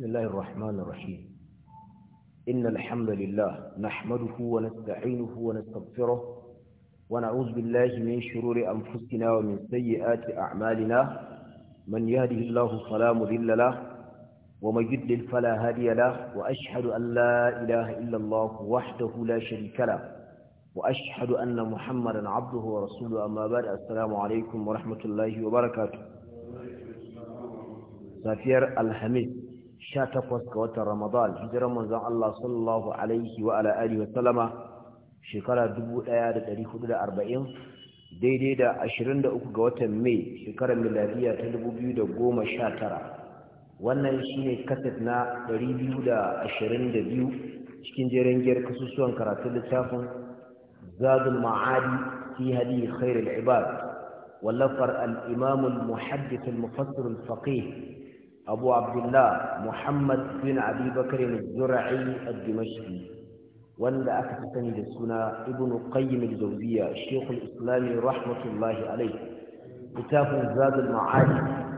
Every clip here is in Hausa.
بسم الله الرحمن الرحيم إن الحمد لله نحمده ونستعينه ونستغفره ونعوذ بالله من شرور أنفسنا ومن سيئات أعمالنا من يهده الله فلا مذل له ومن يدل فلا هادي له وأشهد أن لا إله إلا الله وحده لا شريك له وأشهد أن محمدا عبده ورسوله أما بعد السلام عليكم ورحمة الله وبركاته سافير الحميد Sha takwas ga watan Ramadan hijiran manzon Allah sallallahu alaihi wa ala alihi wa sallama shekara 1440 daidai da 23 ga watan Mai shekarar miladiya ta 2019 wannan shine kaset na 222 cikin jerin giyar kasusuwan karatun littafin zadul ma'adi fi hadi khairul ibad wallafar al-imam al-muhaddith al-mufassir al-faqih أبو عبد الله محمد بن أبي بكر الزرعي الدمشقي وند أكتسني للسنة ابن قيم الجوزية شيخ الإسلام رحمة الله عليه كتاب زاد المعاد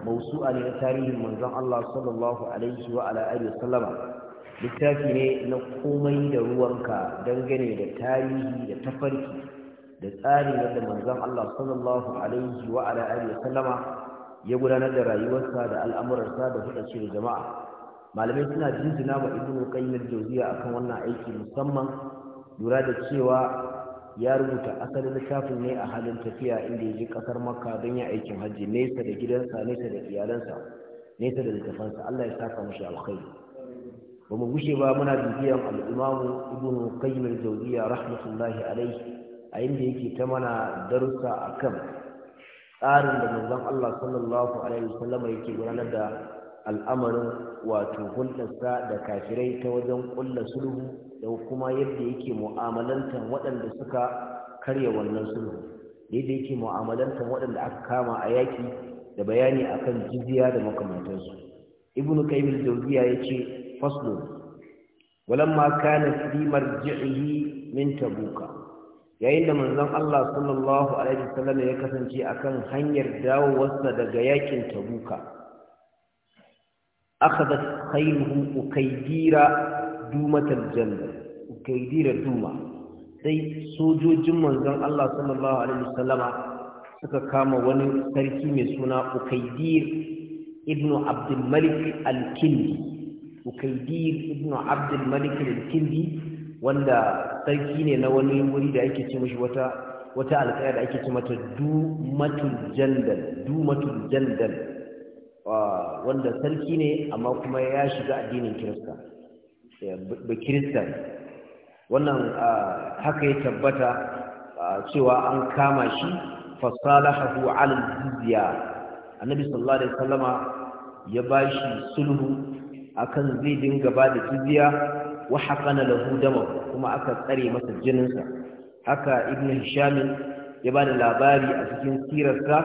موسوعة لتاريخ منظم الله صلى الله عليه وعلى آله وسلم littafi ne na komai da ruwanka dangane da tarihi da tafarki da tsari wanda manzon Allah sallallahu alaihi wa ala alihi wa sallama ya gudanar da rayuwarsa da al'amurarsa da huɗa da jama'a malamai suna jinjina wa ibn qayyim jawziya akan wannan aiki musamman lura da cewa ya rubuta asalin littafin ne a halin tafiya inda ya je kasar makka don ya aikin hajji nesa da gidansa nesa da iyalansa nesa da littafansa Allah ya saka mashi alkhairi ba mu gushe ba muna bibiyan al'imamu ibn qayyim al-jawziya rahmatullahi alaihi a inda yake ta mana darussa akan tsarin da manzon Allah sallallahu alaihi wasallam yake gudanar da al'amarin wato hulɗarsa da kafirai ta wajen ƙulla sulhu da kuma yadda yake mu'amalanta waɗanda suka karya wannan sulhu yadda yake mu'amalantar waɗanda aka kama a yaƙi da bayani akan jizya da makamantansu ibn qayyim al-jawziya yace faslun walamma kana fi marji'ihi min tabuka yayin da manzon Allah sallallahu alaihi wasallam ya kasance akan hanyar dawowarsa daga yakin tabuka akhadat khayluhu ukaydira dumatal janna ukaydira duma sai sojojin manzon Allah sallallahu alaihi wasallama suka kama wani sarki mai suna ukaydir ibnu abdul malik al-kindi ukaydir ibnu abdul malik al-kindi wanda sarki ne na wani wuri da ake ce mashi wata wata alƙaya da ake ce mata matul jandal matul jandal wanda sarki ne amma kuma ya shiga addinin kirista ba kirista wannan haka ya tabbata cewa an kama shi fasalahu ala jizya annabi sallallahu alaihi wasallama ya bashi sulhu akan zai dinga ba da jizya wa haƙana lahu dama kuma aka tsare masa jininsa haka ibn Shamin ya ba da labari a cikin sirarsa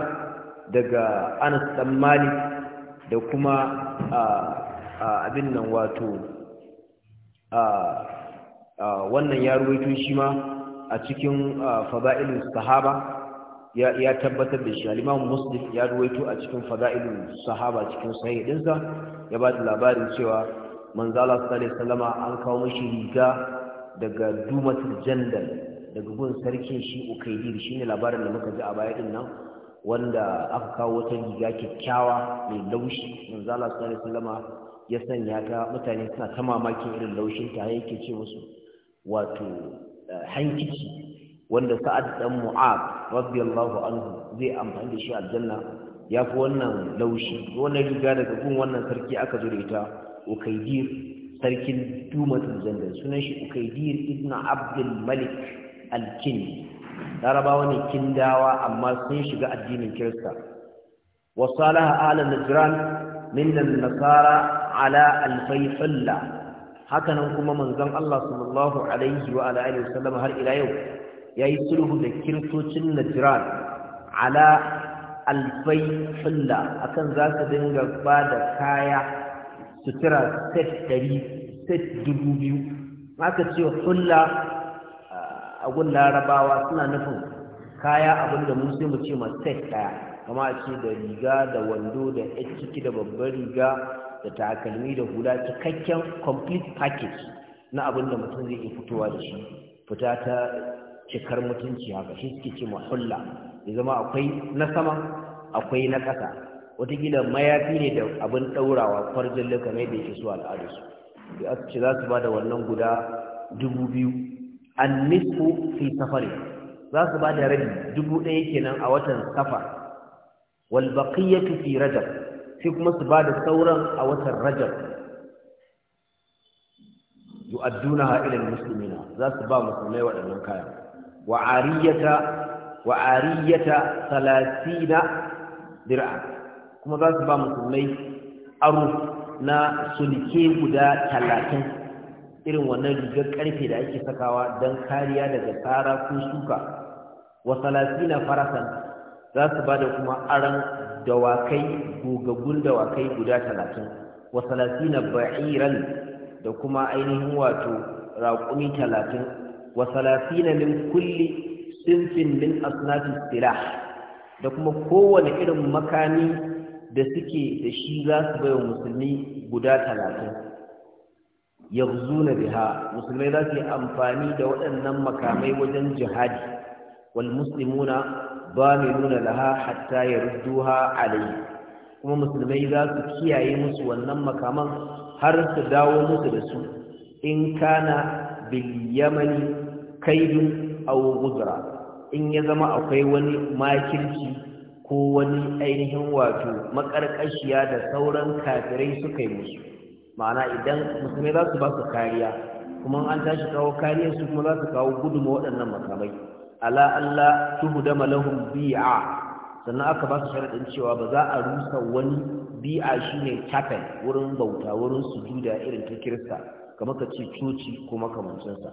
daga anas dan malik da kuma abin nan wato wannan ya ruwaito shi ma a cikin fada'ilin sahaba ya tabbatar da shi al Muslim ya ruwaito a cikin fada'ilul sahaba cikin sahih ya ba da labarin cewa manzala sallallahu alaihi an kawo mishi riga daga dumatul jandal daga gun sarkin shi ukaidir shine labarin da muka ji a baya din nan wanda aka kawo wata riga kyakkyawa mai laushi manzala sallallahu alaihi ya sanya ta mutane suna ta mamakin irin laushin ta yake ce musu wato eh, hankici wanda sa'ad dan mu'ab radiyallahu anhu zai amfani da shi aljanna ya fi wannan laushi wannan riga daga gun wannan sarki aka da ita ukaidir sarkin dumatun zangar sunan shi ukaidir ibn abdul malik alkindi larabawa ne kindawa amma sun shiga addinin kirista wasalaha ala najran min nasara ala alfayfalla hakanan kuma manzon Allah sallallahu alaihi wa alihi wasallam har ila yau yayi sulhu da kirtocin najran ala alfayfalla akan za su dinga ba da kaya sutura set ɗari set dubu biyu aka ce hulla a gun larabawa suna nufin kaya abinda mun sai mu ce ma set ɗaya kama a ce da riga da wando da yan ciki da babbar riga da takalmi da hula cikakken complete package na abinda mutum zai iya fitowa da shi fita ta cikar mutunci haka shi suke ce ma hulla ya zama akwai na sama akwai na ƙasa watakila mayafi ne da abin ɗaurawa farjin luka mai da ke su al'adarsu da aka ce za su ba da wannan guda dubu biyu an nisku fi safari za su ba da rabi dubu ɗaya kenan a watan safar wal baqiyatu fi rajab sai kuma su ba da sauran a watan rajab yu'addunaha ila al-muslimina za su ba musulmai waɗannan kaya wa ariyata wa ariyata 30 kuma za su ba musulmai aro na sulke guda talatin irin wannan rigar karfe da ake sakawa don kariya daga tsara ko suka wa na farasan za su ba da kuma aron dawakai gogaggun dawakai guda talatin wa na ba'iran da kuma ainihin wato raƙumi talatin wa na min kulli sinfin min asnafis silah da kuma kowane irin makami da suke da shi za su bai wa musulmi guda talatin ya na biha musulmai za su yi amfani da waɗannan makamai wajen jihadi wal muslimuna ba mai nuna laha hatta ya rudduha alayi kuma musulmai za su kiyaye musu wannan makaman har su dawo musu da su in kana bil yamani kaidun aw guzra in ya zama akwai wani makirci ko wani ainihin wato makarƙashiya da sauran kafirai suka yi musu ma'ana idan musulmai za su ba su kariya kuma an tashi kawo kariyar su kuma za su kawo guduma waɗannan makamai ala Allah da lahum bi'a sannan aka ba su sharaɗin cewa ba za a rusa wani bi'a ne tafai wurin bauta wurin sujuda irin ta kirista kamar ka ce coci ko makamancinsa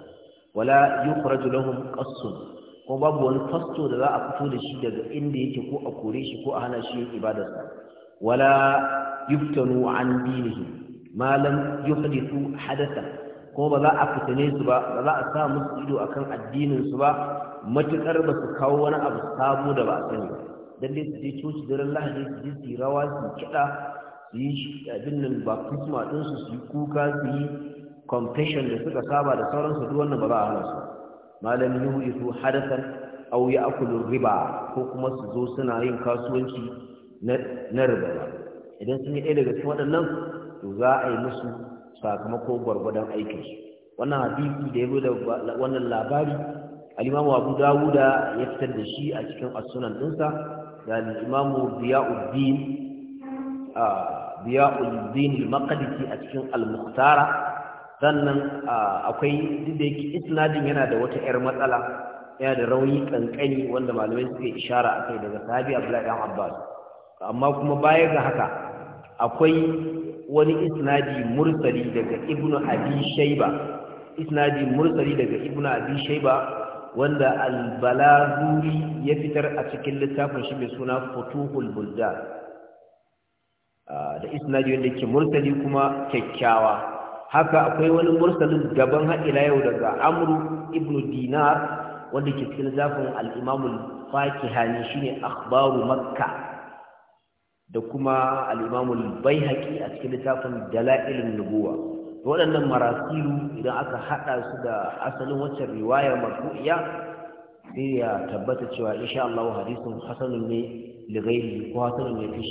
wala yukhraju lahum qassun ko babu wani fasto da za a fito da shi daga inda yake ko a kore shi ko a hana shi yin ibadarsa wala yuftanu an dinihi malam yuhdithu hadatha ko ba za a fitane su ba ba za a sa musu ido akan addinin su ba matukar ba su kawo wani abu sabo da ba a sani ba dan dai su je coci daren lahadi su je su rawa su kiɗa su yi abin nan ba kusma ɗinsu su yi kuka su yi confession da suka saba da sauransu duk wannan ba za a hana su malam yuhdisu hadathan aw ya'kulu riba ko kuma su zo suna yin kasuwanci na riba idan sun yi ɗaya daga cikin waɗannan to za a yi musu sakamako gwargwadon aikin su wannan hadisi da ya zo da wannan labari al-imamu abu dawuda ya fitar da shi a cikin as-sunan dinsa da al-imamu biya'uddin biya'uddin al-maqdisi a cikin al-muhtara sannan akwai duk da yake isnadin yana da wata 'yar matsala yana da rauni kankani wanda malamai suke ishara a kai daga sahabi abdullahi abbas amma kuma baya ga haka akwai wani isnadi mursali daga ibnu abi shaiba isnadi mursali daga ibnu abi shaiba wanda al-balazuri ya fitar a cikin littafin shi mai suna futuhul buldan da isnadi wanda ke mursali kuma kyakkyawa haka akwai wani mursalin gaban haɗila yau daga amru Ibnu dinar wanda ke cikin zafin al'imamul fakihani shine akhbaru makka da kuma al'imamul baihaqi a cikin littafin dala'ilin nubuwa waɗannan marasilu idan aka haɗa su da asalin waccan riwaya marfu'iya sai ya tabbata cewa insha Allah hadisin hasanun ne lighairi ko hasanun ne fi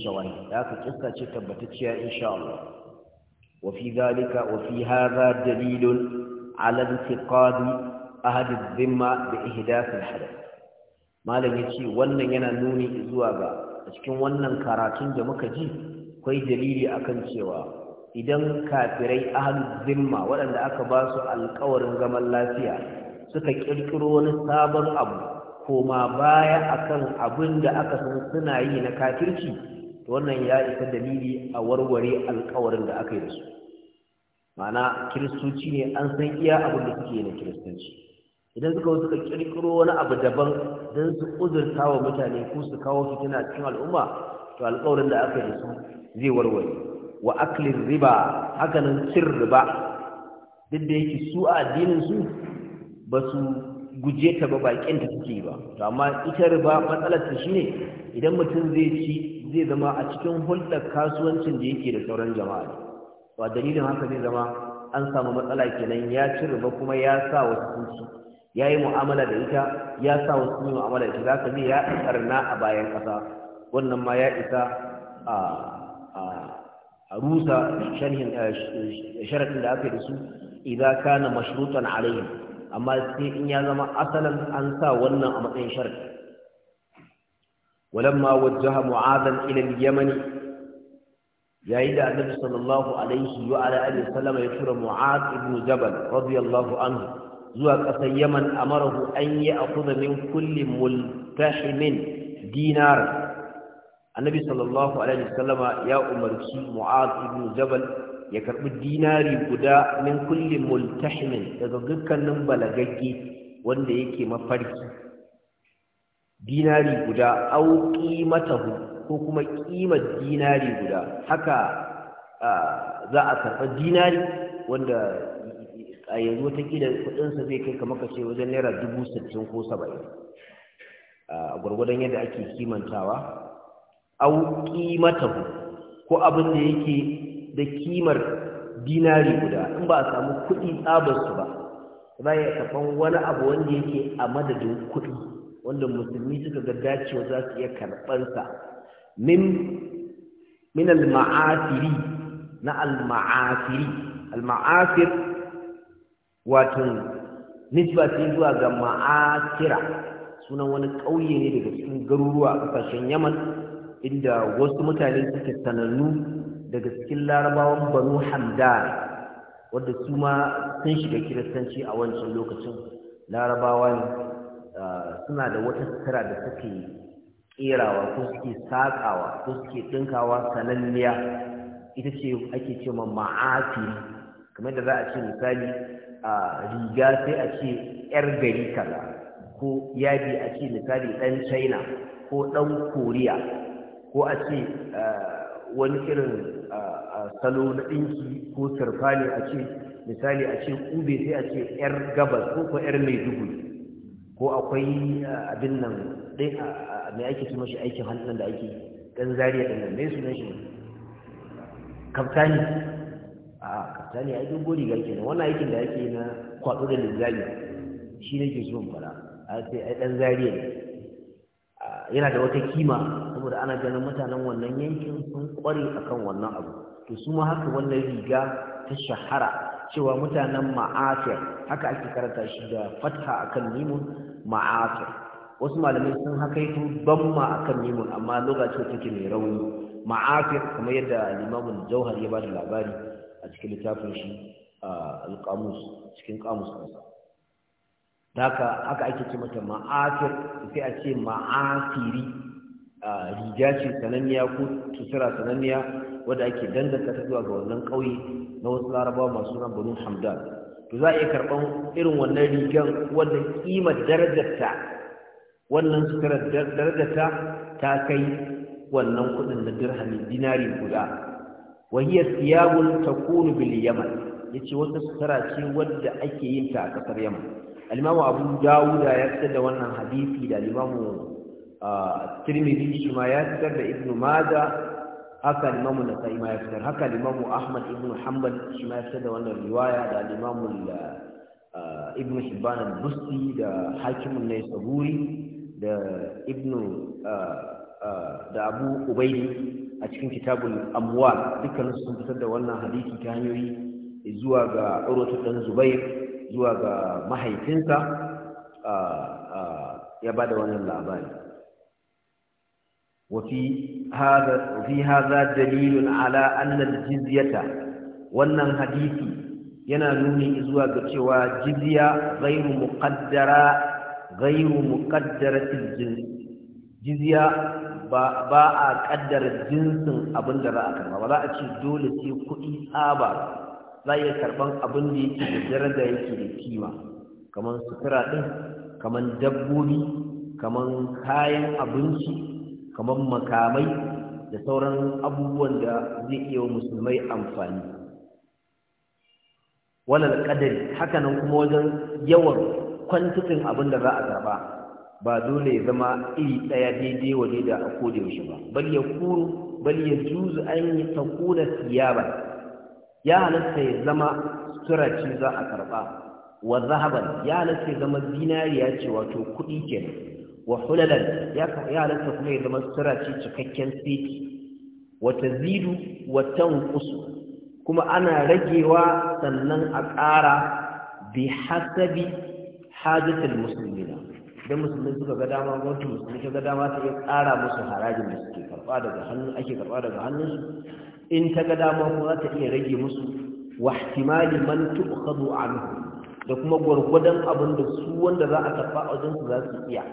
da aka kissa ce tabbatacciya insha Allah وفي ذلك وفي هذا دليل على انتقاد أهل الذمة بإهداف الحدث ما لم يتشي ونن ينانوني إزوابا أشكين ونن كاراتين جمكجي كوي دليلي أكن شواب idan kafirai ahalul zimma waɗanda aka ba su alkawarin zaman lafiya suka ƙirƙiro wani sabon abu koma baya akan abin da aka san suna yi na kafirci wannan ya isa dalili a warware alkawarin da aka yi da su ma'ana kiristoci ne an san iya abin da suke na kiristanci idan suka wasu ka kirkiro wani abu daban don su uzurta wa mutane ko su kawo fitina cikin al'umma to alkawarin da aka yi da su zai warware wa aklin riba hakanan cin riba duk da yake su a addinin su ba su guje ta ba bakin ta suke ba to amma ita riba matsalar ta shine idan mutum zai ci zai zama a cikin hulɗar kasuwancin da yake da sauran jama'a to a dalilin haka zai zama an samu matsala kenan ya ci riba kuma ya sa wasu sun ci ya yi mu'amala da ita ya sa wasu sun yi mu'amala da ita za ka zai ya karna a bayan ƙasa wannan ma ya isa a a rusa sharhin eh, sharaɗin da aka yi da su idan kana mashrutan alaihim amma sai in ya zama asalan an sa wannan a matsayin sharadi walamma wajjaha mu'adhan ila al-yaman yayin da annabi sallallahu alaihi wa ala alihi sallama ya tura mu'adh ibn jabal radiyallahu anhu zuwa ƙasar yaman amarahu an yi akuza min kulli multahimin dinar annabi sallallahu alaihi wasallama ya umarci mu'adh ibn jabal ya karɓi dinari guda min kulli multahimin daga dukkanin balagagge wanda yake mafarki dinari guda au qimatahu ko kuma ƙimar dinari guda haka za a karba dinari wanda a yanzu kudin sa zai kai kamar kace wajen naira dubu sittin ko saba'in a gurgurdan yadda ake kimantawa au qimatahu ko abin da yake da kimar dinari guda in ba a samu kuɗi tsabarsu ba ba ya kafan wani abu wanda yake a madadin kuɗi wanda musulmi suka ga dacewa za su iya karɓansa min min na alma'afiri alma'afir wato nisba ce zuwa ga ma'asira sunan wani ƙauye ne daga cikin garuruwa a ƙasashen yaman inda wasu mutane suke sanannu daga cikin larabawan banu hamdan wadda su ma sun shiga kiristanci a wancan lokacin larabawa ne ah, suna da wata sutura da suke kerawa ko suke sakawa ko suke dinkawa sananniya ita ce ake ce ma ma'afi kamar da za a ce misali ah, riga sai a ce yar gari kaza ko yadi a ce misali ɗan china ko ɗan koriya ko a ce ah, wani irin A salo na ɗinki ko sarfani a ce misali a ce kube sai a ce 'yar gabas ko ko 'yar mai dubu ko akwai abin nan ɗai mai ake su mashi aikin hannun da ake ɗan zariya ɗan nan mai su shi kaftani a kaftani a yi gori ga kenan wannan aikin da ake na kwaɗo da linzami shi ne ke so fara a sai ɗan zariya ne yana da wata kima saboda ana ganin mutanen wannan yankin sun kware akan wannan abu to su ma haka wannan riga ta shahara cewa mutanen ma'afir haka ake karanta shi da fatha akan mimun ma'afir wasu malamai sun haka yi bamma akan mimun amma lokacin take mai rauni ma'afir kuma yadda limamin jauhar ya ba da labari a cikin littafin shi a cikin ƙamus kansa da haka ake ce mata ma'afir sai a ce ma'afiri riga ce sananniya ko tusura sananniya wadda ake dandanta ta zuwa ga wannan ƙauye na wasu larabawa masu nan banu hamdan to za a iya karɓan irin wannan rigan wanda ƙimar darajarta wannan sutura darajarta ta kai wannan kuɗin na dirhami dinari guda wahiyar siyabun takunu bil yaman yace wata sutura ce wadda ake yin ta a ƙasar yaman al-imamu abu dawuda ya fitar da wannan hadisi da al-imamu ah, tirmidhi shi ma ya fitar da ibnu mada haka al-imamu nasa'i ma ya fitar haka al-imamu ahmad Ibn hanbal shi ma ya fitar da wannan riwaya da al-imamu ah, ibnu hibban al-busti da hakimun naysaburi da Ibn ah, da abu ubaidi a cikin kitabul amwal dukkanin sun fitar da wannan hadisi ta hanyoyi zuwa ga urwatu dan zubair zuwa ga mahaifinsa ya ba da wannan labari wafi haza dalilun ala annal jizyata wannan hadisi yana nuni zuwa ga cewa jizya ghairu muqaddara ghairu muqaddaratil jins jizya ba ba a kaddara jinsin abinda da za a karba ba za a ce dole sai kuɗi tsaba za iya karban abin da yake da daraja yake da kima kamar sutura ɗin kamar dabbobi kamar kayan abinci kamar makamai da sauran abubuwan da zai iya musulmai amfani walal kadari hakanan kuma wajen yawan kwantukin abin da za a zaba ba dole ya zama iri ɗaya daidai wa da a kodewa yaushe ba bal ya kuru bal ya juzu an yi siyaba ya halatta ya zama surace za a karba wa zahaban ya halatta ya zama zinariya ce wato kuɗi ke. wa hulalan ya halatta kuma ya zama surace cikakken siti. wata zidu wata kusu kuma ana ragewa sannan a ƙara bi hasabi hajjatul musulmina idan musulmi suka ga dama wata musulmi ta ga dama ta iya ƙara musu harajin da suke karɓa daga hannun ake karɓa daga hannunsu in ta ga dama ko za ta iya rage musu wa ihtimali man tu'khadhu anhu da kuma gwargwadon abin da su wanda za a tafa a wajen su za su iya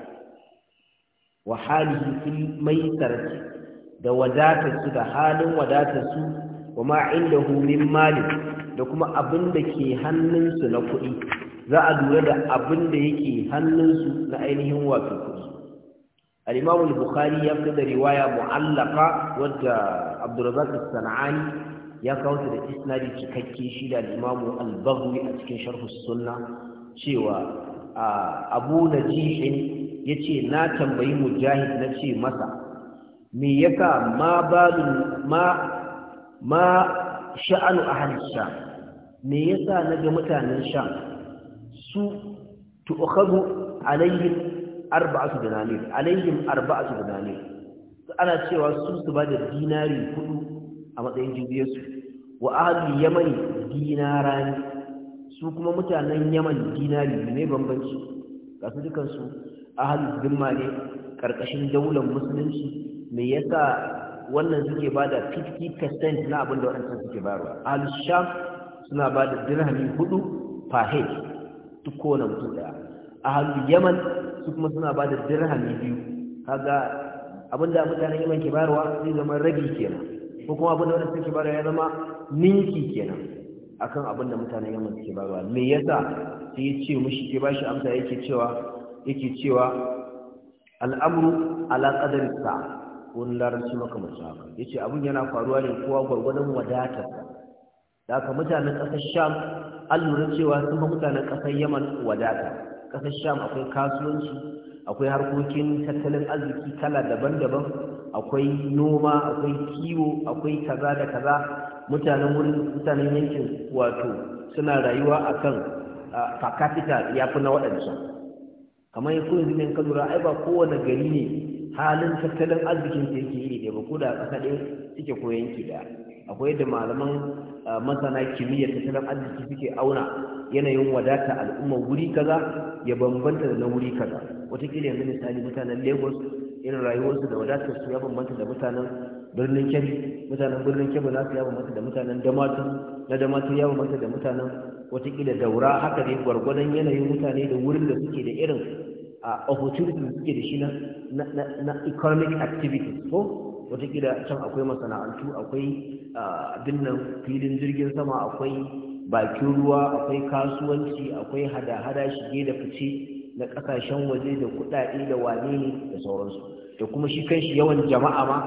wa halihi fil maisarati da wadatar su da halin wadatar su wa ma indahu min mali da kuma abin da ke hannun su na kuɗi za a lura da abin da yake hannun su na ainihin wato kuɗi al-imam al-bukhari ya fi da riwaya mu'allaqa wadda abdurrazak sana'ani ya kawo da isnadi cikakke shi da imamu al a cikin sharh sunna cewa abu ya yace na tambayi mujahid na ce masa me ka ma balun ma ma sha'anu ahli sham me yasa naga mutanen sha su tu'khadhu alaihim arba'atu dinamir alaihim arba'atu dinamir ana cewa su su ba da dinari hudu a matsayin su. wa yaman yamani ne su kuma mutanen yaman dinari ne bambanci ga su dukansu ahalin zimma ne karkashin daular musulunci me yasa wannan suke ba da 50% na abin da waɗancan suke ruwa ahalin sham suna ba da dirhami hudu fahe duk kowane mutu daya a yaman su kuma suna ba da dirhami biyu kaga abinda mutanen iman ke bayarwa zai zama rabi kenan ko kuma abinda wani suke bayarwa ya zama ninki kenan akan abinda mutanen iman suke bayarwa me yasa sai ya ce mushi ke bashi amsa yake cewa yake cewa al'amru ala qadari sa wani larabci makamancin haka yace abin yana faruwa ne kowa gwargwadon wadatar da haka mutanen ƙasar sham an lura cewa sun fa mutanen ƙasar yaman wadata ƙasar sham akwai kasuwanci akwai harkokin tattalin arziki kala daban-daban akwai noma akwai kiwo akwai kaza da kaza mutanen wurin mutanen yankin wato suna rayuwa akan kan capita ya fi na waɗansu kamar yanzu yanzu ne ka lura ai ba kowane gari ne halin tattalin arzikin da yake iri ba ko da ƙasa ɗaya suke ko yanki ɗaya akwai da malaman ah, masana kimiyya tattalin arziki suke auna yanayin wadata al'umma wuri kaza ya bambanta da na wuri kaza watakila yanzu misali mutanen lagos irin rayuwarsu da wadatar su ya bambanta da mutanen birnin kebbi mutanen birnin kebbi su ya bambanta da mutanen damatu na damatu ya bambanta da mutanen watakila daura haka ne gwargwadon yanayin mutane da wurin da suke da irin a ah, opportunity suke da shi na economic activities ko watakila can akwai masana'antu akwai abin nan filin jirgin sama akwai bakin ruwa akwai kasuwanci akwai hada-hada shige da fice na kasashen waje da kudade da wane ne da sauransu da kuma shi kanshi yawan jama'a ma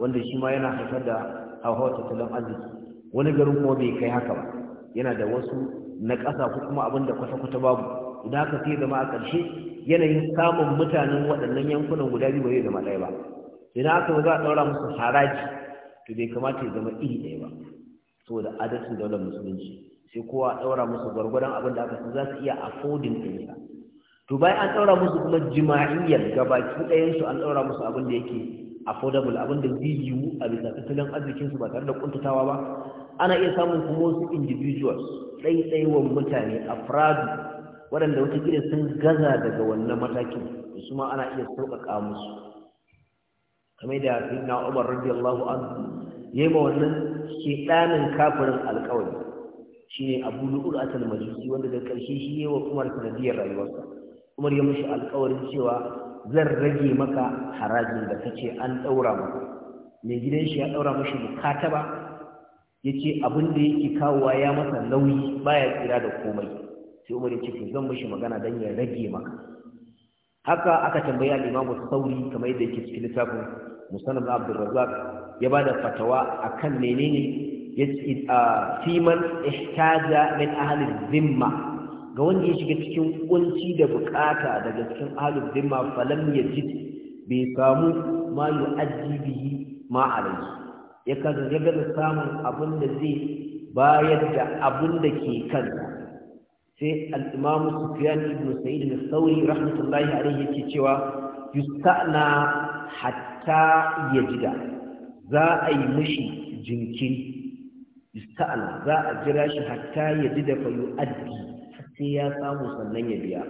wanda shi ma yana haifar da hauhawar tattalin arziki wani garin kuma bai kai haka ba yana da wasu na ƙasa ko kuma abin da kwata-kwata babu idan aka sai zama a ƙarshe yanayin samun mutanen waɗannan yankunan guda biyu bai yi zama ɗaya ba idan aka za a ɗaura musu haraji to bai kamata ya zama iri ɗaya ba saboda adalcin daular musulunci sai kowa ɗaura musu gwargwadon abin da aka san za su iya ɗin ɗinsa to bayan an ɗaura musu kuma jima'iyyar gabaki ɗayansu an ɗaura musu abin da yake affordable abin da zai yiwu a bisa tattalin arzikin su ba tare da kuntatawa ba ana iya samun kuma wasu individuals ɗaiɗaiwan mutane afradu waɗanda wata sun gaza daga wannan matakin su ma ana iya sauƙaƙa musu kamar da na Umar radiyallahu anhu yi ma wannan ɗanin kafirin alƙawari shine Abu Lu'lu'a al-Majusi wanda da karshe shi ya wa Umar sanadiyar rayuwarsa Umar ya mushi alƙawarin cewa zan rage maka harajin da kace an ɗaura maka mai gidan shi ya daura ba Ya ce abin da yake kawowa ya masa nauyi baya tsira da komai sai Umar ya ce zan mashi magana don ya rage maka haka aka tambaya al-imamu sauri kamar yadda yake cikin littafin musannad na abdul razzaq ya bada fatawa akan menene fi man ihtaja min ahli zimma ga wanda ya shiga cikin kunci da bukata daga cikin ahli zimma falam yajid bai samu ma yu'addi bihi ma alayhi ya kaza ya samun abin da zai bayar da abin da ke kansa sai al-imam Sufyan ibn Sa'id da sauri rahmatullahi alayhi yake cewa na hatta jida za a yi jinkiri na za a jira shi hatta jida fa yu'addi sai ya samu sannan ya biya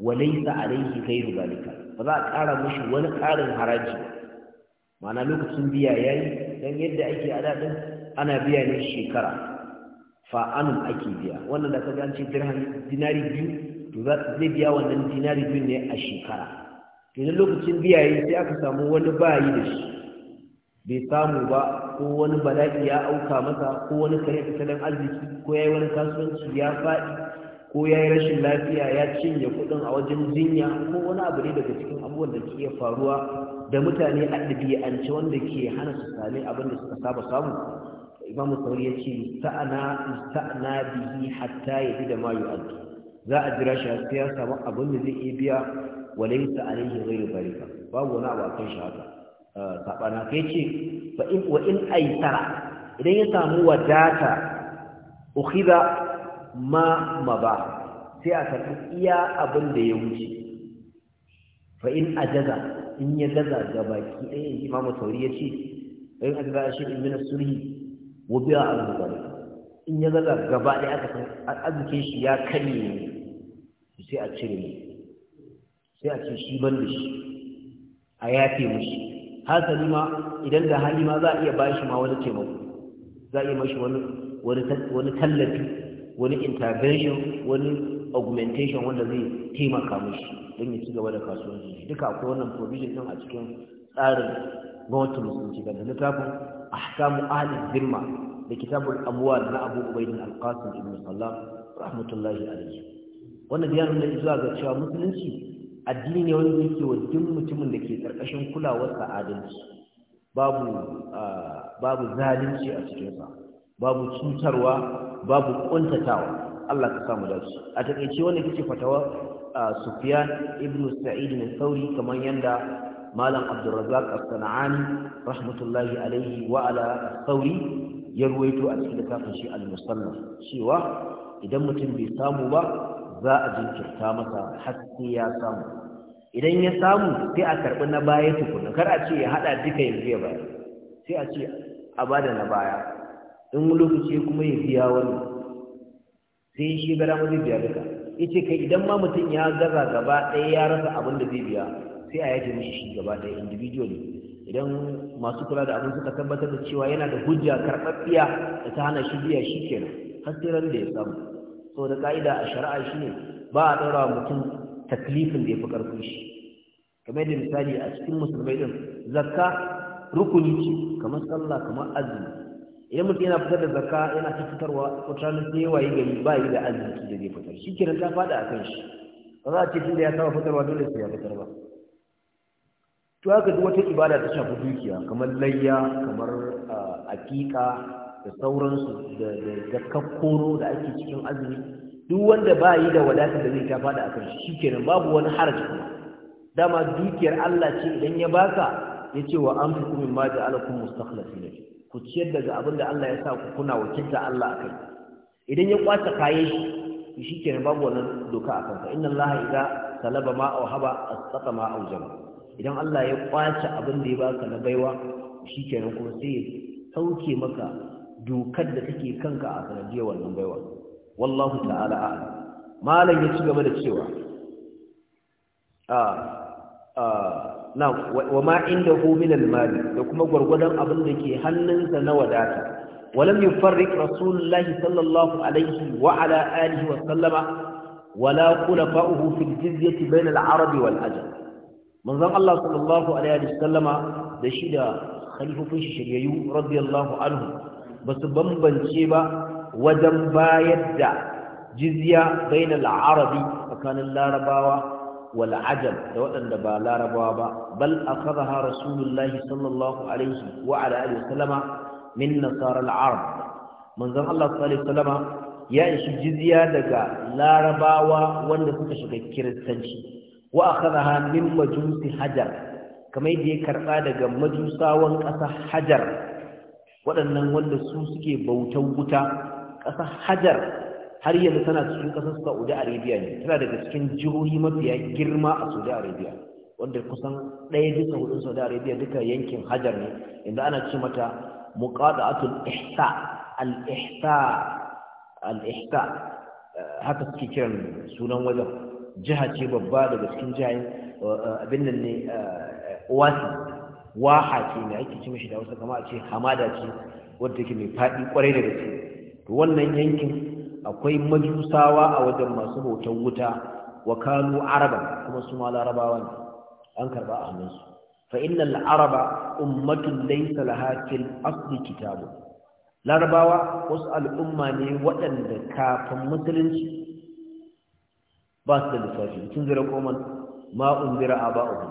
a alayhi kai rubalika ba za a ƙara mishi wani ƙarin haraji ma'ana lokacin biya yi don yadda ake a ana biya ne shekara fa'anun ake biya wannan da ka ga ce dirham dinari biyu zai biya wannan dinari biyu ne a shekara to lokacin biyaye sai aka samu wani bayi da shi bai samu ba ko wani bala'i ya auka masa ko wani kare tattalin arziki ko ya yi wani kasuwanci ya faɗi ko ya yi rashin lafiya ya cinye kuɗin a wajen jinya ko wani abu ne daga cikin abubuwan da ke faruwa da mutane a ɗabi'ance wanda ke hana su sami abin da suka saba samu imamu sauri ya ce sa'ana bihi hatta ya fi da mayu addu za a jira shi haske ya samu abin da zai iya biya walai sa a rihin zai rubari ba babu wani abu a kan shi haka ah, saɓana ka ce wa in aitara idan ya samu wadata ukhida ma ma ba. sai a karɓi iya abin da ya wuce fa in ajaza in ya gaza gabaki ɗaya imamu sauri ya ce in ajaza shi in min sulhi wa biya an zubari in ya zaga gaba ɗaya aka san arziki shi ya ne sai a cire ne sai a ce shi ban da shi a yafe mushi hasali ma idan da hali ma za a iya bashi ma wani taimako za a iya mashi wani tallafi wani intervention wani augmentation wanda zai taimaka mushi don ya ci gaba da kasuwanci duka akwai wannan provision din a cikin tsarin gwamnatin musulunci daga littafin ahkamu ahli zimma da kitabul amwal na Abu Ubayd al-Qasim ibn Salam rahmatullahi alayhi wannan ya nuna zuwa ga cewa musulunci addini ne wanda yake wa duk mutumin da ke ƙarƙashin kulawar sa adalci babu babu zalunci a cikin sa babu cutarwa babu kuntatawa Allah ka samu dace a takeice wannan kike fatawa Sufyan ibn Sa'id al-Thawri kamar yanda malam Abdulrazak as rahmatullahi alaihi wa ala sauri ya ruwaito a cikin littafin shi al-musannaf cewa idan mutum bai samu ba za a jinkirta masa har sai ya samu idan ya samu sai a karɓi na baya tukuna kar a ce ya haɗa duka ya biya baya sai a ce a bada na baya in lokaci kuma ya biya wani sai shi gara mu biya duka yace kai idan ma mutum ya gaza gaba ɗaya ya rasa abin da zai biya sai a yaje mishi shi gaba ɗaya individually idan masu kula da abin suka tabbatar da cewa yana da hujja karɓaɓɓiya da ta hana shi biya shi kenan har sai ran da ya samu so da ka'ida a shari'a shine ba a ɗaura mutum taklifin da ya fi ƙarfin shi kamar da misali a cikin musulmai ɗin zakka rukuni ce kamar sallah kamar azumi idan mutum yana fitar da zakka yana ta fitarwa wata sai waye gari ba yi da azumi da zai fitar shi kenan ta faɗa a kan shi ba za a ce tun da ya saba fitarwa dole sai ya fitar ba to ga wata ibada ta shafi dukiya kamar layya kamar aƙiƙa da sauransu da kakkoro da ake cikin azumi duk wanda ba yi da wadatar da zai ta fada akan shi shikenan babu wani harajin. kuma dama dukiyar Allah ce idan ya baka ya ce wa an fi min ma ja'alakum mustakhlifin ku ciyar daga abin da Allah ya sa ku kuna wakilta Allah kai. idan ya kwace kayan shi shikenan babu wani doka a ka inna Allah idza talaba ma a haba ma a jama idan Allah ya kwace abin da ya baka na baiwa shikenan kuma sai ya sauke maka dokar da take kanka a sanadiyar wannan baiwa wallahu ta'ala a'lam malam ya ci gaba da cewa a a na wa ma indahu min al-mali da kuma gurgurdan abin da ke hannunsa na wadata ولم يفرق رسول الله صلى الله عليه وعلى آله وسلم ولا خلفاؤه في الجزية بين العرب والعجم manzon Allah sallallahu alaihi wasallama da shi da khalifofin shi shiryayyu radiyallahu anhu basu bambance ba wajen bayar da jizya bainal arabi tsakanin larabawa wal ajam da waɗanda ba larabawa ba bal akhadha rasulullahi sallallahu alaihi wa ala alihi wasallama min nasara al arab manzon Allah sallallahu alaihi wasallama ya ishi jizya daga larabawa wanda suka shiga kiristanci wa akhadha min majusi hajar kamar yadda ya karba daga majusawan ƙasa hajar waɗannan wanda su suke bautan wuta ƙasa hajar har yanzu tana cikin ƙasar Saudi Arabia ne tana daga cikin jihohi mafiya girma a Saudi Arabia wanda kusan ɗaya bisa hudu Saudi Arabia duka yankin hajar ne inda ana ce mata muqada'atul ihsa al ihsa al ihsa haka suke kiran sunan wajen jiha ce babba daga cikin jihayen eh, abin nan ne wasi eh, waha ce mai aiki ci da wasu kama a ce hamada ce wadda ke mai faɗi kwarai da gaske to wannan yankin akwai majusawa a wajen masu hoton wuta wa kanu araba kuma su ma larabawa ne an karba a hannunsu fa innal araba ummatun laysa laha fil asli kitabu larabawa wasu al'umma ne waɗanda kafin musulunci ba su da lissafi tun zira koman ma unzira aba'uhu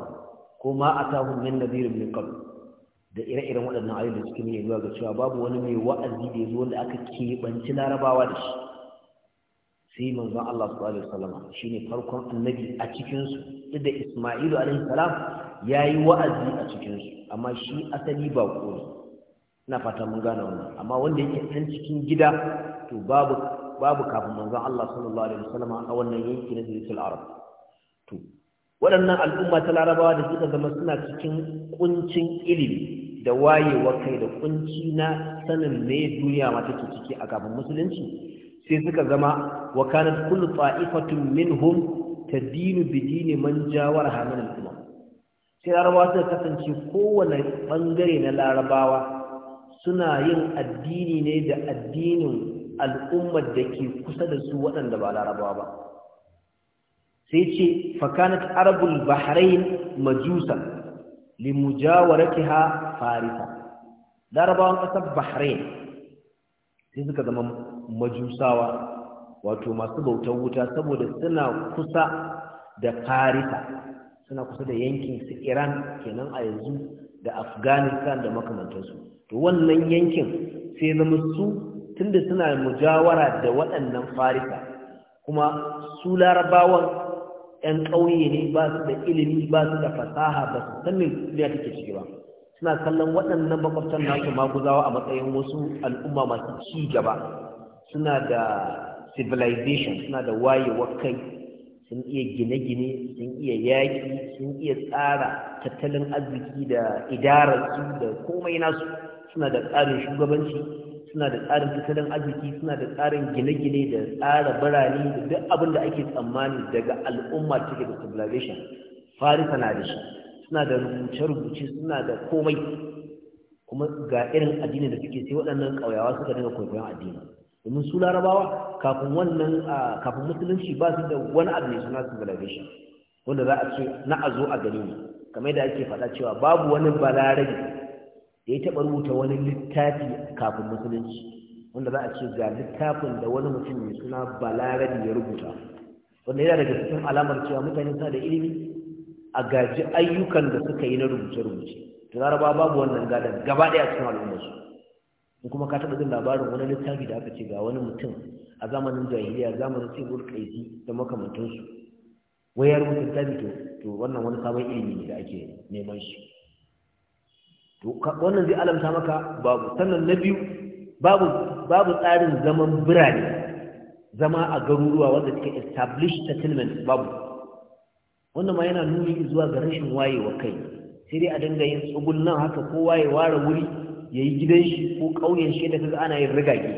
ko ma atahum min nadirin min qabl da ire-iren waɗannan ayoyi da suke nuna ga cewa babu wani mai wa'azi da yazo wanda aka keɓanci larabawa da shi sai manzon Allah sallallahu alaihi wasallam shine farkon annabi a cikin su da Isma'ilu alaihi salam yayi wa'azi a cikin su amma shi asali ba ko ina fata mun gane wannan amma wanda yake ɗan cikin gida to babu babu kafin manzon Allah sallallahu alaihi wasallam a wannan yanki na Zaitul Arab to waɗannan al'umma ta Larabawa da suka zama suna cikin kuncin ilimi da wayewa kai da kunci na sanin me duniya ma take ciki a kafin musulunci sai suka zama wa kanat kullu ta'ifatun minhum tadinu bi dini man jawara min al sai Larabawa suka kasance kowane bangare na Larabawa suna yin addini ne da addinin al'ummar da ke kusa da su waɗanda ba larabawa ba sai ce fakanat arabul bahrain majusa ha farisa larabawan ƙasar bahrain sai suka zama majusawa wato masu bautar wuta saboda suna kusa da farisa suna kusa da yankin su iran kenan a yanzu da afghanistan da makamantarsu to wannan yankin sai zama su tunda suna mujawara da waɗannan farisa kuma su larabawan 'yan ƙauye ne ba su da ilimi ba su da fasaha ba su san min duniya take ciki ba suna kallon waɗannan makwabtan nasu maguzawa a matsayin wasu al'umma masu ci gaba suna da civilization suna da wayewar kai sun iya gine-gine sun iya yaƙi sun iya tsara tattalin arziki da idararsu da komai nasu suna da tsarin shugabanci suna da tsarin tattalin arziki suna da tsarin gine-gine da tsara birane da duk abin da ake tsammani daga al'umma take da civilization farisa na da shi suna da rubuce-rubuce suna da komai kuma ga irin addini da suke sai waɗannan ƙauyawa suka dinga kwaikwayon addini domin su larabawa kafin wannan kafin musulunci ba su da wani abu ne suna civilization wanda za a ce na a zo a gani ne kamar da ake faɗa cewa babu wani balarabe ya yi taɓa rubuta wani littafi kafin musulunci wanda za a ce ga littafin da wani mutum mai suna balarabi ya rubuta wanda yana daga cikin alamar cewa mutane suna da ilimi a gaji ayyukan da suka yi na rubuce-rubuce to laraba babu wannan gadon gaba ɗaya cikin al'ummarsu in kuma ka taɓa jin labarin wani littafi da aka ce ga wani mutum a zamanin jahiliya zamanin tsibir kaisi da makamantansu Wai ya rubuta littafi to wannan wani sabon ilimi ne da ake neman shi to wannan zai alamta maka babu sannan na biyu babu babu tsarin zaman birane zama a garuruwa wanda suke establish settlement babu wannan ma yana nuni zuwa ga rashin wayewa kai sai dai a dinga yin tsugun nan haka kowa ya ware wuri ya yi gidan shi ko ƙauyen shi da kaga ana yin rigage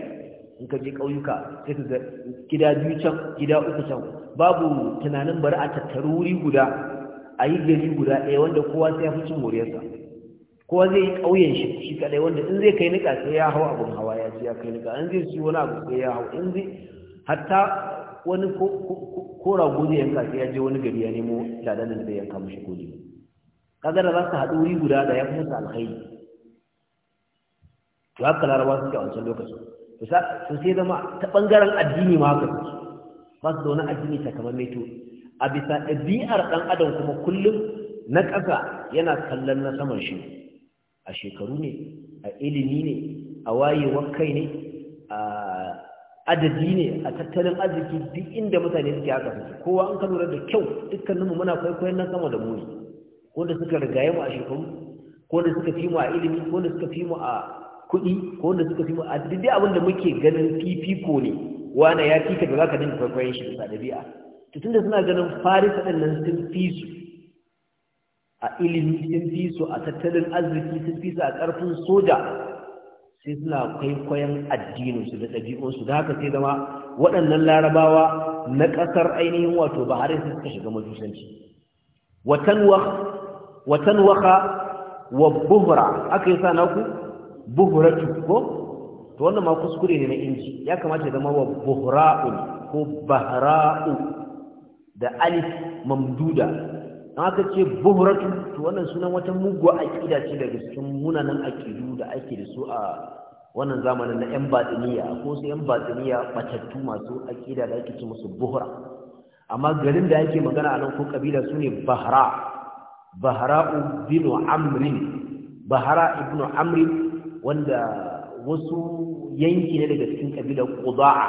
in ka je ƙauyuka sai ka ga gida biyu can gida uku can babu tunanin bari a tattaru wuri guda a yi gari guda ɗaya wanda kowa sai ya fi cin moriyarsa kowa zai yi ƙauyen shi shi kadai wanda in zai kai nika sai ya hau abin hawa ya ci, ya kai nika in zai ci wani abu sai ya hau in zai hatta wani kora gudu yanka sai ya je wani gari ya nemo ladanin da yanka mashi gudu kaga da za su haɗu wuri guda da ya fi musu alkhairi to haka larabawa suke a wancan lokacin to sai zama ta ɓangaren addini ma haka ba su da wani addini takamaimai to a bisa ɗabi'ar ɗan adam kuma kullum na ƙasa yana kallon na saman shi a shekaru ne a ilimi ne a wayewar kai ne a adadi ne a tattalin arziki duk inda mutane suke haka su kowa an kalura da kyau dukkaninmu muna kwaikwayon nan sama da muni ko da suka rigaye mu a shekaru ko da suka fi mu a ilimi ko da suka fi mu a kuɗi ko da suka fi mu a duk abin da muke ganin fifiko ne wani ya fi ka da za ka dinga kwaikwayon shi da ɗabi'a tunda suna ganin farisa ɗin nan sun fi su a ilimi sun fi su a tattalin arziki sun fi su a ƙarfin soja sai suna kwaikwayon addininsu da ɗabi'unsu da haka sai zama waɗannan larabawa na ƙasar ainihin wato bahari sun suka shiga majusanci watan waka wa buhura aka yi sa naku Buhura, ko to wannan ma kuskure ne na inji ya kamata zama wa buhra'un ko bahra'u da alif mamduda Na aka ce buhratu to wannan sunan wata muguwa aƙida ce daga cikin munanan aƙidu da ake da su a wannan zamanin na yan batiniya ko su yan batiniya batattu masu aƙida da ake ce musu buhra amma garin da ake magana a nan ko kabila su ne bahra Bahara bin bahra ibn amri wanda wasu yanki ne daga cikin kabilar qudaa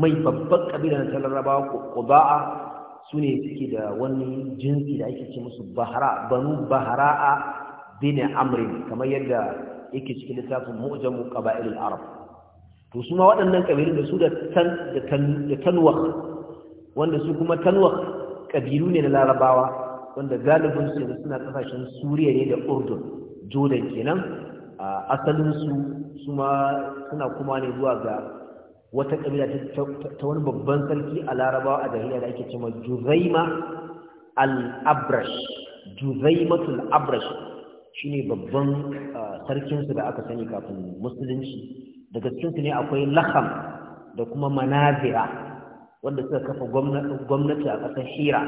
mai babban kabila na talarabawa qudaa su ne suke da wani jinsi da ake ce musu banu bahara'a bin amrin kamar yadda yake cikin littafin mu qaba'ilul arab to su ma waɗannan ƙabilun da su da tan wanda su kuma tanwakh ƙabilu ne na larabawa wanda galibin su yanzu suna suriya ne da urdun jordan kenan asalinsu su suma suna kuma ne zuwa ga wata kabila ta wani babban sarki a larabawa a jahiliya da ake cewa juzaima al-abrash juzaimatul abrash shine babban uh, sarkinsu da aka sani kafin musulunci daga cikinsu ne akwai laham da kuma manazira wanda suka kafa gwamnati a ƙasar hira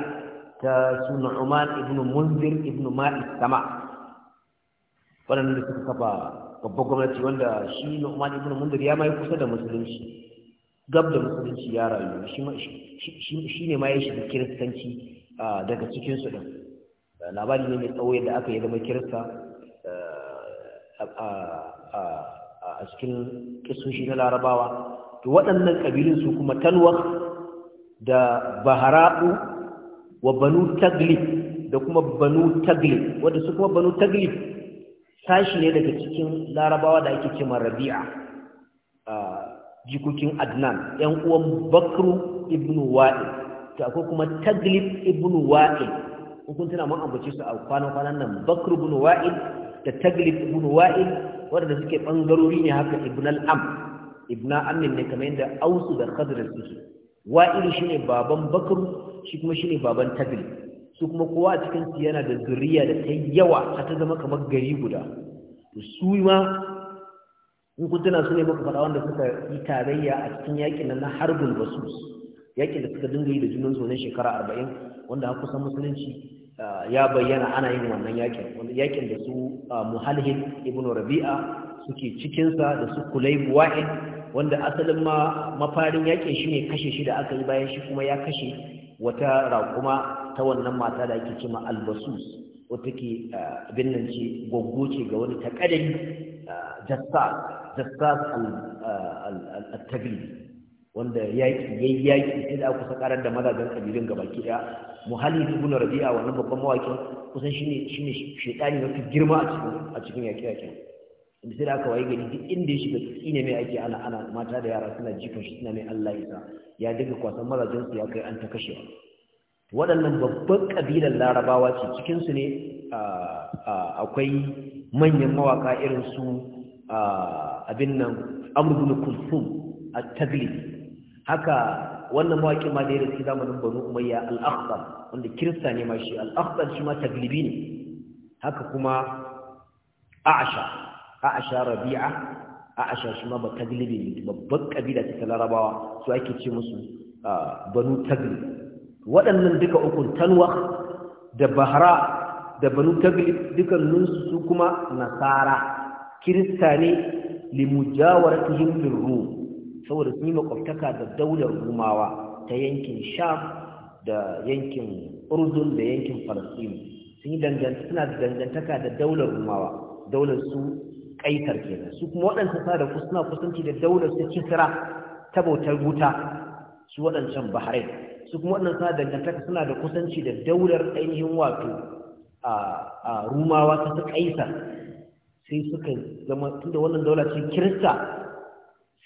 ta suna umar ibn munzir ibn ma'is sama waɗanda suka kafa babban gwamnati wanda shi na umar ibn munzir ya mai kusa da musulunci gab da musulunci ya rayu shi ne ma ya shiga kiristanci daga cikinsu ɗin labari ne mai tsawo yadda aka yi zama kirista a cikin kisoshi na larabawa to waɗannan ƙabilun su kuma talwa da Baharaɗu wa banu taglib da kuma banu wadda su kuma banu taglib sashi ne daga cikin larabawa da ake cema rabi'a jikokin adnan yan uwan bakru ibn wa'il to ko kuma taglib ibn wa'il kun tana mun ambace su a kwana kwanan nan bakru ibn wa'il da taglib ibn wa'il wanda suke bangarori ne haka ibn al-am ibn amin ne kamar yadda ausu da khadr suke wa'il shine baban bakru shi kuma shine baban taglib su kuma kowa a cikin su yana da zuriya da ta yawa ta zama kamar gari guda su ma in kun tuna su ne muka faɗa wanda suka yi tarayya a cikin yakin nan na harbin basus Yaƙin da suka dinga yi da junan su shekara arba'in wanda har kusan musulunci ya bayyana ana yin wannan yakin wanda yaƙin da su muhalhin ibnu rabi'a suke cikinsa da su Kulai wa'in wanda asalin ma mafarin yakin shine kashe shi da aka yi bayan shi kuma ya kashe wata raƙuma ta wannan mata da ake cima albasus wata ke binnan ce gwaggo ce ga wani takadari jassa jassas al-taglib wanda yaƙi yayi yaƙi sai da karar da mazajen kabilun gabaki daya muhalli ibn rabi'a wannan babban mawakin kusan shine shine shedani mafi girma a cikin a cikin inda sai da aka waye gari duk inda ya shiga tsine mai ake ana ana mata da yara suna jifan shi suna mai Allah isa ya daga kwasan mazajen su ya kai an ta kashewa waɗannan babban kabilan larabawa ce cikinsu ne akwai manyan mawaka irin su abin nan amurdu kulsum a taglidi haka wannan mawaƙi ma da ya rasu zamanin banu umayya al'akhtar wanda kirista ne ma shi al'akhtar shi ma taglibi ne haka kuma a'asha a'asha rabi'a a'asha shi ma ba taglibi ne babban kabila ta larabawa su ake ce musu banu taglib waɗannan duka ukun tanwa da bahara, da banu taglib dukan su kuma nasara kirista ne limujawaratuhum bil saboda sun yi makwabtaka da daular rumawa ta yankin sham da yankin urdun da yankin falastin sun yi suna da dangantaka da daular rumawa daular su kaisar kenan su kuma waɗanda sa da suna kusanci da daular su kisra ta bautar wuta su waɗancan bahrain su kuma waɗannan suna dangantaka suna da kusanci da daular ainihin wato a rumawa ta kaisar sai suka zama tunda wannan daula ce kirista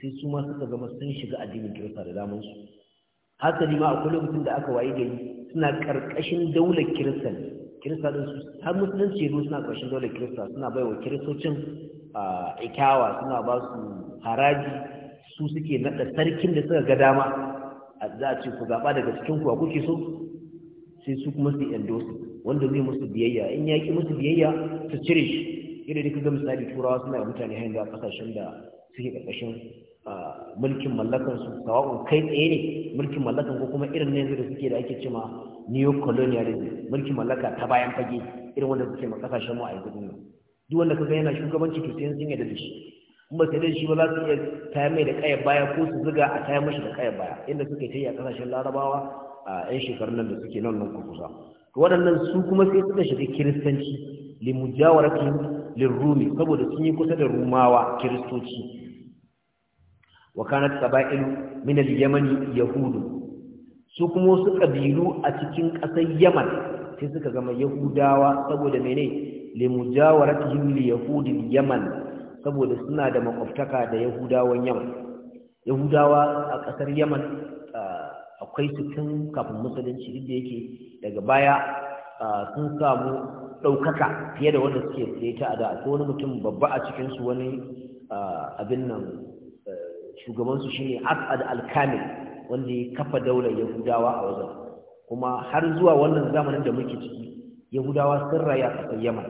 sai su ma suka zama sun shiga addinin kirista da zaman su hasali ma akwai lokacin da aka waye gari suna karkashin daular kirista ne kirista din su har musulunci ne suna karkashin daular kirista suna baiwa kiristocin ikawa suna ba su haraji su suke naɗa sarkin da suka ga dama za a ce ku gaba daga cikin ku a kuke so sai su kuma su endorse wanda zai musu biyayya in yaƙi musu biyayya su cire shi yadda duka ga misali turawa suna mutane hanyar da kasashen da suke karkashin mulkin mallakan su sawa'un kai tsaye ne mulkin mallakan ko kuma irin yanzu da suke da ake cema neo-colonialism mulkin mallaka ta bayan fage irin wanda suke ma kasashen mu a yanzu dinnan duk wanda kaga yana shugabanci to sai sun yarda da shi in ba sai da shi ba za su iya taya mai da kayan baya ko su zuga a taya mashi da kayan baya inda suke ta yi a kasashen larabawa a yan shekarun nan da suke nan nan kusa waɗannan su kuma sai suka shiga kiristanci limujawaratihim lirrumi saboda sun yi kusa da rumawa kiristoci wa kanat qaba'il min al yahudu su kuma wasu ƙabilu a cikin ƙasar yaman sai suka zama yahudawa saboda mene li mujawaratihim li yahudi yaman saboda suna da makwabtaka da yahudawan yaman yahudawa a ƙasar yaman akwai su tun kafin musulunci duk da yake daga baya sun samu ɗaukaka fiye da wanda suke tsaye ta ada ko wani mutum babba a cikinsu wani abin nan shugabansu shine as'ad al-kamil wanda ya kafa daular yahudawa a wajen kuma har zuwa wannan zamanin da muke ciki yahudawa sun raya a yaman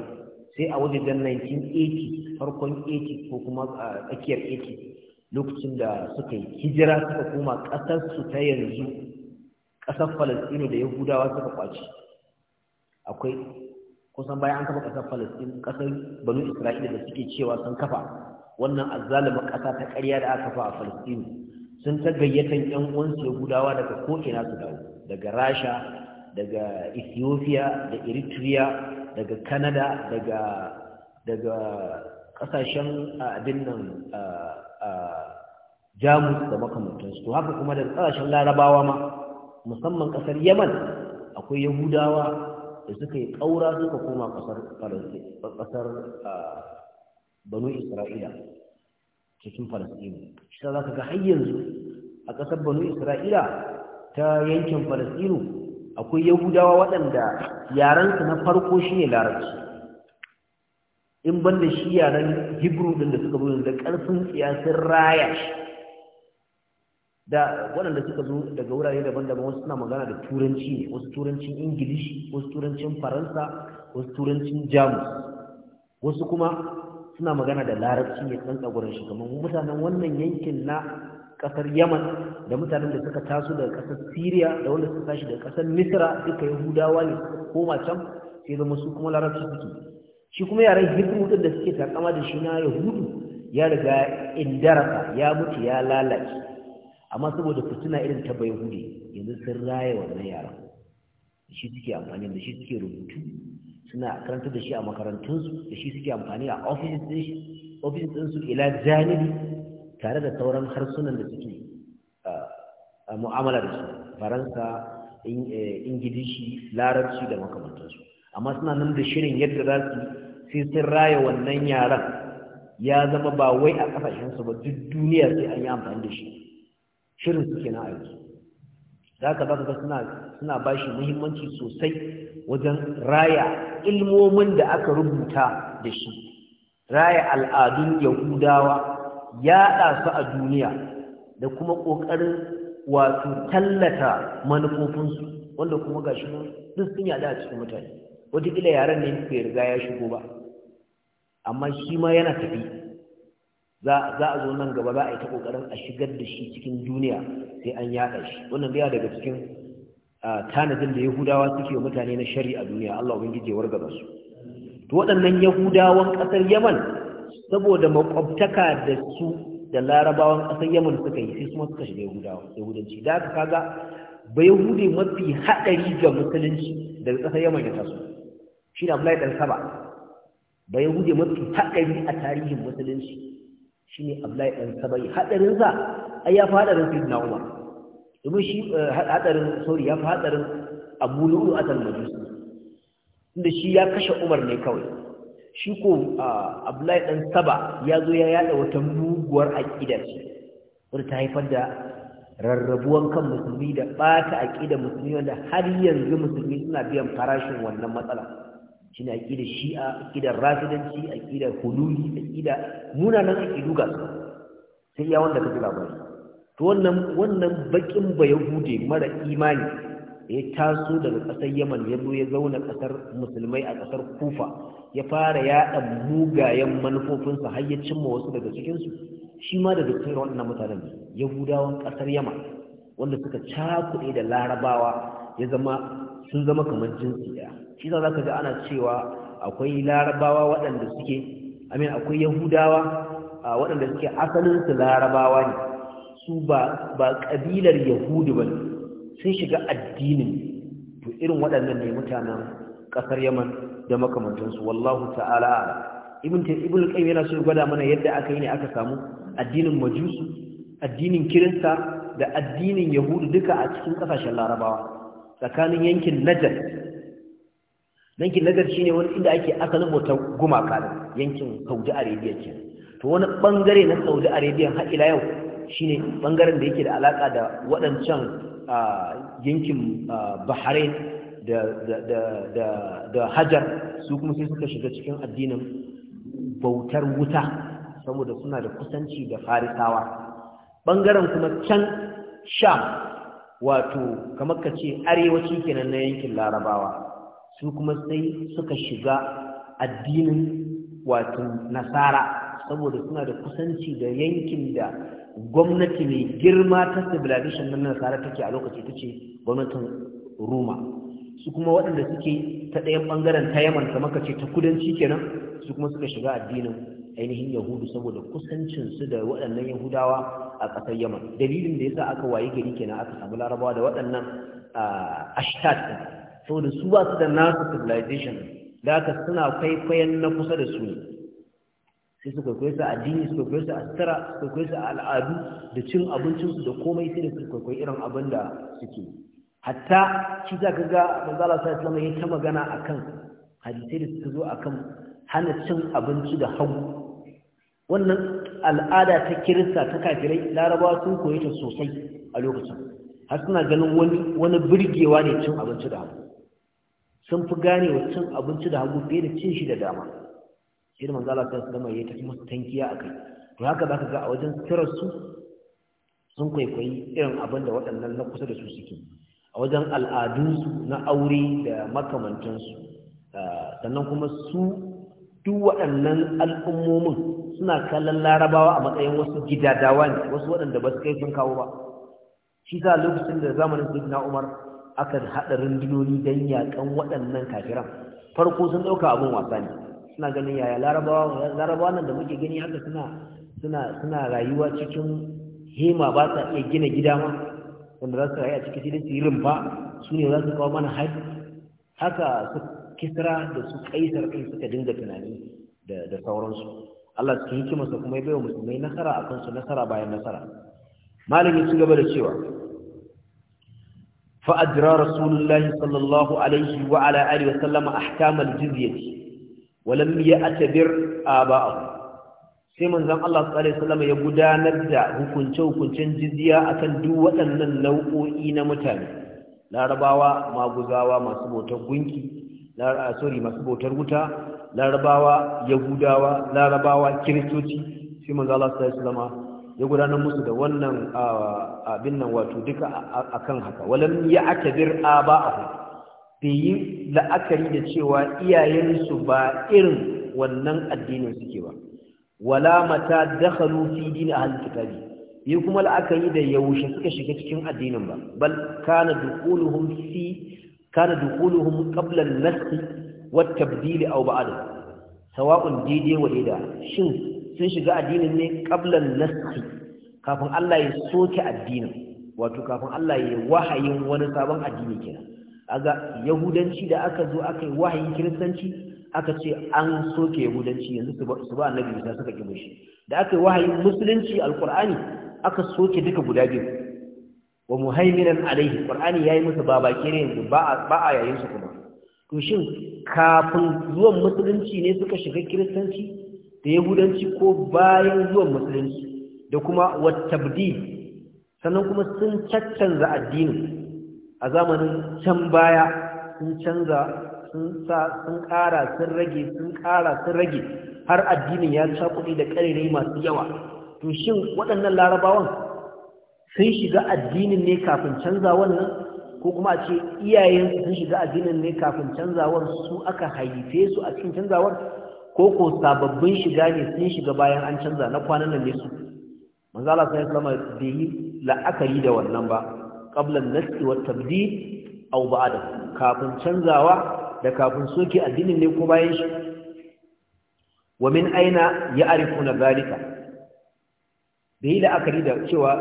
sai a wajen 1980 farkon 80 ko kuma tsakiyar 80 lokacin da suka yi hijira suka koma su ta yanzu ƙasar falastino da yahudawa suka kwaci akwai kusan bayan an kafa ƙasar Falastin ƙasar Banu Isra'ila da suke cewa sun kafa wannan azzalimin ƙasa ta ƙarya da aka kafa a Falastin sun ta gayyatan 'yan uwansu Yahudawa daga ko'ina su dawo daga Rasha daga Ethiopia da Eritrea daga Canada daga daga ƙasashen abin nan jamus da makamantansu to haka kuma daga ƙasashen larabawa ma musamman ƙasar yaman akwai yahudawa da suka yi ƙaura suka koma ƙasar banu isra'ila cikin falasɗinu shi ta za ka ga har a ƙasar banu isra'ila ta yankin falasɗinu akwai yahudawa waɗanda yarensu na farko shi ne larabci in banda shi yaren hebrew ɗin da suka buɗe da ƙarfin tsiyasin raya shi da waɗanda suka zo daga wurare daban-daban wasu suna magana da turanci ne wasu turancin ingilishi wasu turancin faransa wasu turancin jamus wasu kuma suna magana da larabci ne ɗan tsagurin shi kamar mutanen wannan yankin na ƙasar yaman da mutanen da suka taso daga ƙasar syria da wanda suka tashi daga ƙasar misra duka yahudawa ne ko koma can sai zama su kuma larabci suke shi kuma yaren hikimu ɗin da suke takama da shi na yahudu ya riga indarasa ya mutu ya lalace amma saboda fitina irin ta bai hude yanzu sun raye wannan yaran shi suke amfani da shi suke rubutu suna karanta da shi a makarantunsu da shi suke amfani a ofis ɗinsu ila janibi tare da sauran harsunan da suke mu'amala da su faransa eh, ingilishi larabci da makamantansu amma suna nan da shirin yadda za su sai sun raya wannan yaran ya zama ba wai a ƙasashensu ba duk duniya sai an yi amfani da shi shirin su kenan aiki. da za ka suna suna ba muhimmanci sosai wajen raya ilmomin da aka rubuta da shi raya al'adun yahudawa yaɗa su a duniya da kuma ƙoƙarin wato tallata manufofinsu wanda kuma ga shi duk sun yaɗa a cikin mutane wataƙila yaren ne bai riga ya shigo ba amma shi ma yana tafi za a zo nan gaba za a yi ta kokarin a shigar da shi cikin duniya sai an yaɗa shi wannan biya daga cikin tanadin da yahudawa suke mutane na shari a duniya allah ubangiji warga ba su to waɗannan yahudawan ƙasar yaman saboda makwabtaka da su da larabawan ƙasar yaman suka yi sai kuma suka shiga yahudawa yahudanci da aka kaga ba yahudi mafi haɗari ga musulunci daga ƙasar yaman ya taso shi ne abu ɗan saba ba yahudi mafi haɗari a tarihin musulunci shi ne abdullahi ɗan sabai haɗarinsa ai ya fi haɗarin sai na umar domin shi eh, haɗarin sauri ya fi haɗarin abu lu'u a tal inda shi ya kashe umar ne kawai shi ko abdullahi ɗan saba ya zo ya yaɗa wata muguwar aƙidar shi wadda ta haifar da rarrabuwan kan musulmi da ɓata aƙidar musulmi wanda har yanzu musulmi suna biyan farashin wannan matsala shine aqidar shi'a aqidar rafidanci aqidar hululi aqida munanan aqidu ga su sai ya wanda kaji labari to wannan wannan bakin bayahude mara imani ya taso daga kasar Yaman ya zo ya zauna kasar musulmai a kasar Kufa ya fara yaɗa mugayen manufofinsa har ya cimma wasu daga cikin su shi ma daga cikin wannan mutanen Yahudawan kasar Yaman wanda suka cakuɗe da Larabawa ya zama sun zama kamar jinsi ɗaya shi za ka ji ana cewa akwai larabawa waɗanda suke amin akwai yahudawa waɗanda suke Asalin su larabawa ne su ba ƙabilar yahudu ba sun shiga addinin to irin waɗannan ne mutanen ƙasar yaman da makamantansu wallahu ta'ala ibn ibn qayyim yana so gwada mana yadda aka yi ne aka samu addinin majusu addinin kirista da addinin yahudu duka a cikin ƙasashen larabawa tsakanin yankin najar yankin nazar shine wani inda ake asalin bautar gumaka da yankin saudi arabia ke to wani bangare na saudi arabia har ila yau shine bangaren da yake da alaka da waɗancan yankin bahrain da hajar su kuma sai suka shiga cikin addinin bautar wuta saboda suna da kusanci da farisawa bangaren kuma can sha, wato kamar ka ce arewaci kenan na yankin larabawa su kuma sai suka shiga addinin wato nasara saboda suna da kusanci da yankin da gwamnati mai girma ta civilization na nasara take a lokaci ta ce gwamnatin roma su kuma waɗanda suke ta ɗayan ɓangaren ta yaman kamar ka ce ta kudanci kenan su kuma suka shiga addinin ainihin yahudu saboda kusancinsu da waɗannan yahudawa a ƙasar yaman dalilin da yasa aka wayi gari kenan aka samu larabawa da waɗannan ah, ashtat saboda su ba su da nasu civilization da haka suna kwaikwayon na kusa da su ne sai su kwaikwayo su addini su kwaikwayo su astara su kwaikwayo su al'adu da cin abincinsu da komai sai da su kwaikwayo irin abin da suke hatta shi za ka ga manzala sa islam ya ta magana akan hadisai da suka zo a kan hana cin abinci da hagu wannan al'ada ta kirista ta kafirai larabawa sun koyi ta sosai a lokacin har suna ganin wani wani birgewa ne cin abinci da hagu sun fi gane wa cin abinci da hagu fiye da cin shi da dama shi da manzo Allah su gama ya tafi masu tankiya akai to haka ka ga a wajen sirar su sun kwaikwayi irin abin da waɗannan na kusa da su suke a wajen al'adunsu na aure da makamantansu ah, sannan kuma su duk waɗannan al'ummomin suna kallon larabawa a matsayin wasu gidadawa ne wasu waɗanda ba su kai sun kawo ba shi sa lokacin da zamanin sayyidina Umar aka haɗa rundunoni dan yaƙan waɗannan kafiran farko sun ɗauka abin wasa ne suna ganin yaya larabawa nan da muke gani haka suna suna suna rayuwa cikin hima ba sa iya gina gida ma wanda za su rayu a cikin sai su yi rumfa su ne za su kawo mana haɗi haka su kisra da su kaisar kai suka dinga tunani da sauransu Allah cikin hikimarsa kuma ya bai wa musulmai nasara akan su nasara bayan nasara malami su gaba da cewa فأجرى رسول الله صلى الله عليه وعلى آله وسلم أحكام الجزية ولم يأتبر آباءه sai Allah sallallahu alaihi wasallam ya gudanar da hukunce hukuncen jizya akan duk waɗannan nau'o'i na mutane larabawa maguzawa masu bautar gunki sorry masu bautar wuta larabawa yahudawa larabawa kiristoci sai manzon Allah sallallahu alaihi wasallam ya gudanar musu da wannan abin nan wato duka akan haka walam ya akabir aba'ahu bai yi la'akari da cewa iyayensu ba irin wannan addinin suke ba wala mata dakhalu fi din ahli kitabi yi kuma la'akari da yaushe suka shiga cikin addinin ba bal kana duquluhum fi kana duquluhum qabla an-nasl wa at-tabdil aw sawa'un daidai wa shin sun shiga addinin ne qablan nasxi kafin Allah ya soke addinin wato kafin Allah ya wahayin wani sabon addini kenan aga yahudanci da aka zo aka yi wahayin kiristanci aka ce an soke yahudanci yanzu su ba annabi isa suka kibo shi da aka yi wahayin musulunci alqur'ani aka soke duka guda biyu wa muhaiminan alaihi qur'ani yayi musu babake ne yanzu ba a yayin su kuma to shin kafin zuwan musulunci ne suka shiga kiristanci da yahudanci ko bayan zuwan musulunci da kuma wattabdil sannan kuma sun caccanza addini a zamanin can baya sun canza sun sa sun ƙara sun rage sun ƙara sun rage har addinin ya kuɗi da ƙarere masu yawa to shin waɗannan larabawan sun shiga addinin ne kafin canza wannan ko kuma a ce iyayensu sun shiga addinin ne kafin canzawar su aka haife su a cikin canzawar ko ko sababbin shiga ne sun shiga bayan an canza na kwanan nan ne su manzo Allah sai sallama bai yi la'akari da wannan ba qabla nasi wa tabdi aw ba'da kafin canzawa da kafin soke addinin ne ko bayan shi wa min aina ya'rifuna zalika da yi la'akari da cewa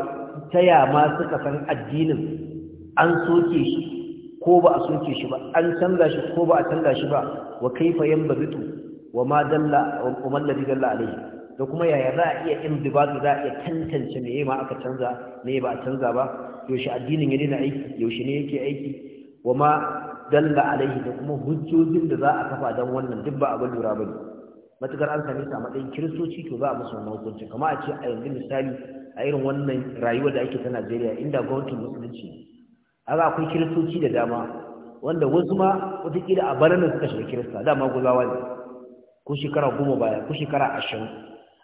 ta ma suka san addinin an soke shi ko ba a soke shi ba an canza shi ko ba a canza shi ba wa kaifa yanbabitu wa ma dalla wa man dalla alayhi da kuma yaya za a iya indibatu za a iya tantance me ma aka canza me ba a canza ba yaushe addinin ya daina aiki yaushe ne yake aiki wa ma dalla alaihi da kuma hujjojin da za a kafa dan wannan duk ba abin lura ba matukar an same a matsayin kiristoci to za a musu wannan hukunci kamar a ce a yanzu misali a irin wannan rayuwar da ake ta Najeriya inda gwamnatin musulunci ga akwai kiristoci da dama wanda wasu ma wataƙila a baranin suka shiga kirista dama gulawa ne ko shekara goma baya ko shekara ashirin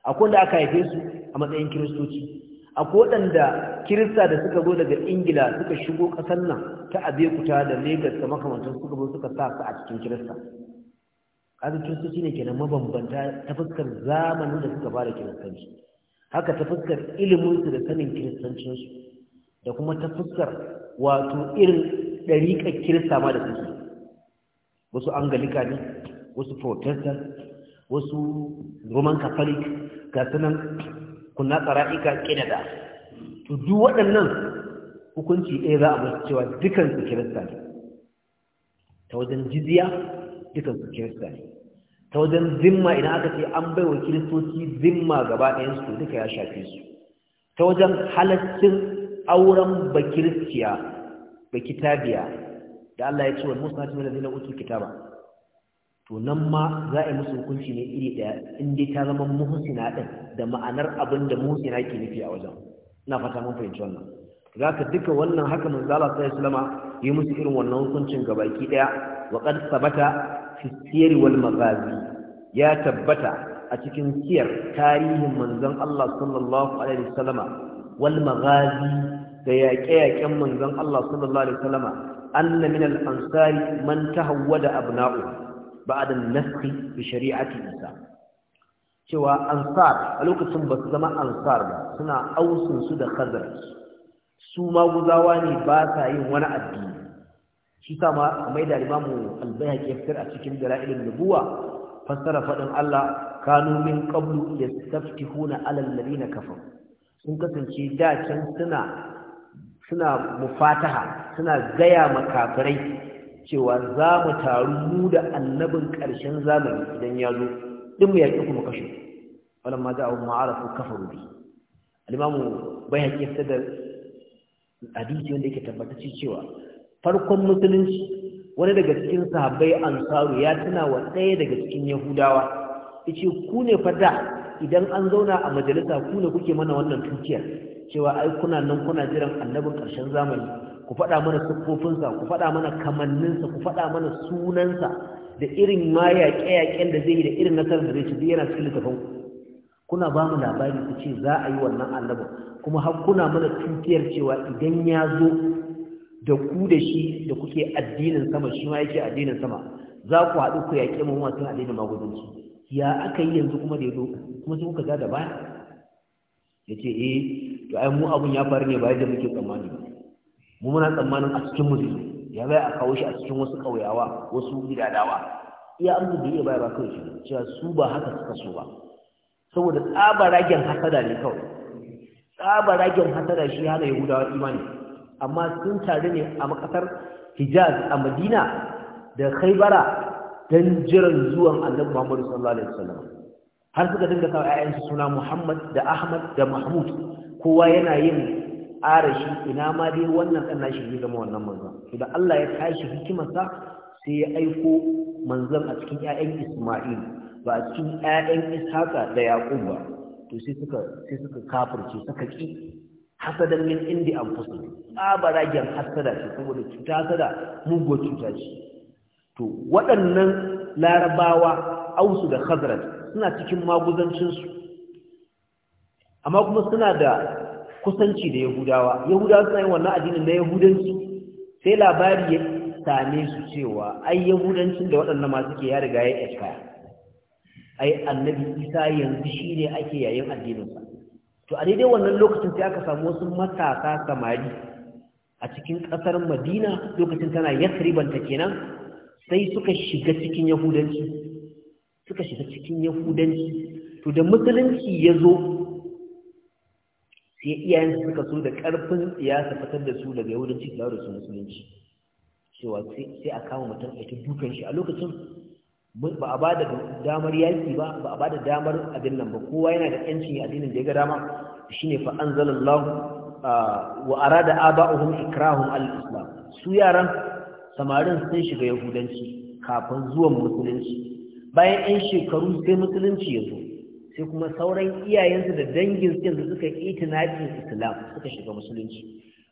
akwai wanda aka haife su a matsayin kiristoci akwai waɗanda kirista da suka zo daga ingila suka shigo ƙasar nan ta abekuta da Legas da makamantar suka zo suka sa su a cikin kirista kaga kiristoci ne kenan mabambanta ta fuskar zamanin da suka fara kiristanci haka ta fuskar iliminsu da sanin kiristancinsu da kuma ta fuskar wato irin ɗariƙar kirista ma da suke wasu angalika ne wasu protestant wasu roman catholic ga sunan kunna tsara'ika ƙinada to duk waɗannan hukunci ɗaya za a masu cewa dukansu kirista ne ta wajen jiziya dukansu kirista ne ta wajen zimma idan aka ce an bai wa kiristoci zimma gaba ɗayansu duka ya shafe su ta wajen halaccin auren bakirciya bakitabiya da Allah ya ce wa musa cikin da zai na kitaba to nan ma za a yi musu hukunci ne iri ɗaya in dai ta zama muhsina ɗin da ma'anar abin da ke nufi a wajen ina fata mun fahimci wannan za ka duka wannan haka mun zala sai islama yi musu irin wannan hukuncin gabaki ɗaya wa qad sabata fi wal ya tabbata a cikin siyar tarihin manzon Allah sallallahu alaihi wasallama wal maghazi da yaƙe-yaƙen manzon Allah sallallahu alaihi wasallama anna min al-ansari man tahawwada abna'u ba'da naskhi bi shari'ati Isa cewa ansar a lokacin ba su zama ansar ba suna ausun su da kazar. su maguzawa ne ba sa yin wani addini shi sa ma mai da limamu albayhaqi ya a cikin dalailin nubuwa fassara fadin Allah kanu min qablu yastaftihuna ala alladhina kafaru sun kasance da can suna suna mufataha suna gaya makafirai cewa za mu taru mu da annabin ƙarshen zamani idan ya zo din mu yaƙi kuma kashe wannan ma za a wani ma'arafu kafa rubi alimamu bai haƙi fitar da hadisi wanda yake tabbata cewa farkon musulunci wani daga cikin sahabbai ansaru ya tuna wa ɗaya daga cikin yahudawa ce ku ne fa idan an zauna a majalisa ku ne kuke mana wannan tukiyar cewa ai kuna nan kuna jiran annabin ƙarshen zamani ku faɗa mana siffofinsa ku faɗa mana kamanninsa ku faɗa mana sunansa da irin ma yaƙe-yaƙen da zai yi da irin nasarar da zai ci yana cikin littafin kuna ba mu labari ku ce za a yi wannan annabin kuma har kuna mana tukiyar cewa idan ya zo da ku da shi da kuke addinin sama shi ma yake addinin sama za ku haɗu ku yaƙe mu masu addinin magudanci ya aka yi yanzu kuma da ya zo kuma sai kuka ga da baya ya ce eh to ai mu abun ya faru ne ba yadda muke tsammani ba mu muna tsammanin a cikin mu ya bai a kawo shi a cikin wasu ƙauyawa wasu gidadawa iya an da iya baya ba kawai shi cewa su ba haka suka so ba saboda tsaba ragen hasada ne kawai Tsaba ragen hasada shi hana yahudawa imani amma sun taru ne a makasar hijaz a madina da khaibara dan jiran zuwan annabi muhammadu sallallahu alaihi wasallam har suka dinga kawo 'ya'yansu suna muhammad da ahmad da mahmud kowa yana yin tsara shi ina ma dai wannan ɗan nashi ne zama wannan manzan to da Allah ya tashi hikimarsa sai ya aiko manzan a cikin 'ya'yan Isma'il ba a cikin 'ya'yan Ishaqa da Yaqub ba to sai suka sai suka kafirce suka ki hasadan min indi anfusihim ragen hasada ce saboda cuta hasada mugo cuta ce to waɗannan larabawa ausu da khazraj suna cikin maguzancinsu amma kuma suna da kusanci da yahudawa yahudawa suna yin wannan addinin na yahudanci sai labari ya same su cewa ai yahudancin da waɗannan masu ke ya riga ya iska ai annabi isa yanzu shine ake yayin addininsa to a daidai wannan lokacin sai aka samu wasu matasa samari a cikin ƙasar madina lokacin tana yasribanta kenan sai suka shiga cikin yahudanci suka shiga cikin yahudanci to da musulunci ya zo sai iyayen su suka so da karfin siyasa fitar da su daga yahudanci su da su musulunci cewa sai a kama mutum a cikin dukan shi a lokacin ba a ba da damar yaki ba ba a ba da damar abin nan ba kowa yana da yancin addinin da ya ga dama fa’an fa anzalallahu wa ara da ikrahum al-islam su yaran samarin sun shiga yahudanci kafin zuwan musulunci bayan 'yan shekaru sai musulunci ya zo sai kuma sauran iyayensu da dangin su suka itinafin islam suka shiga musulunci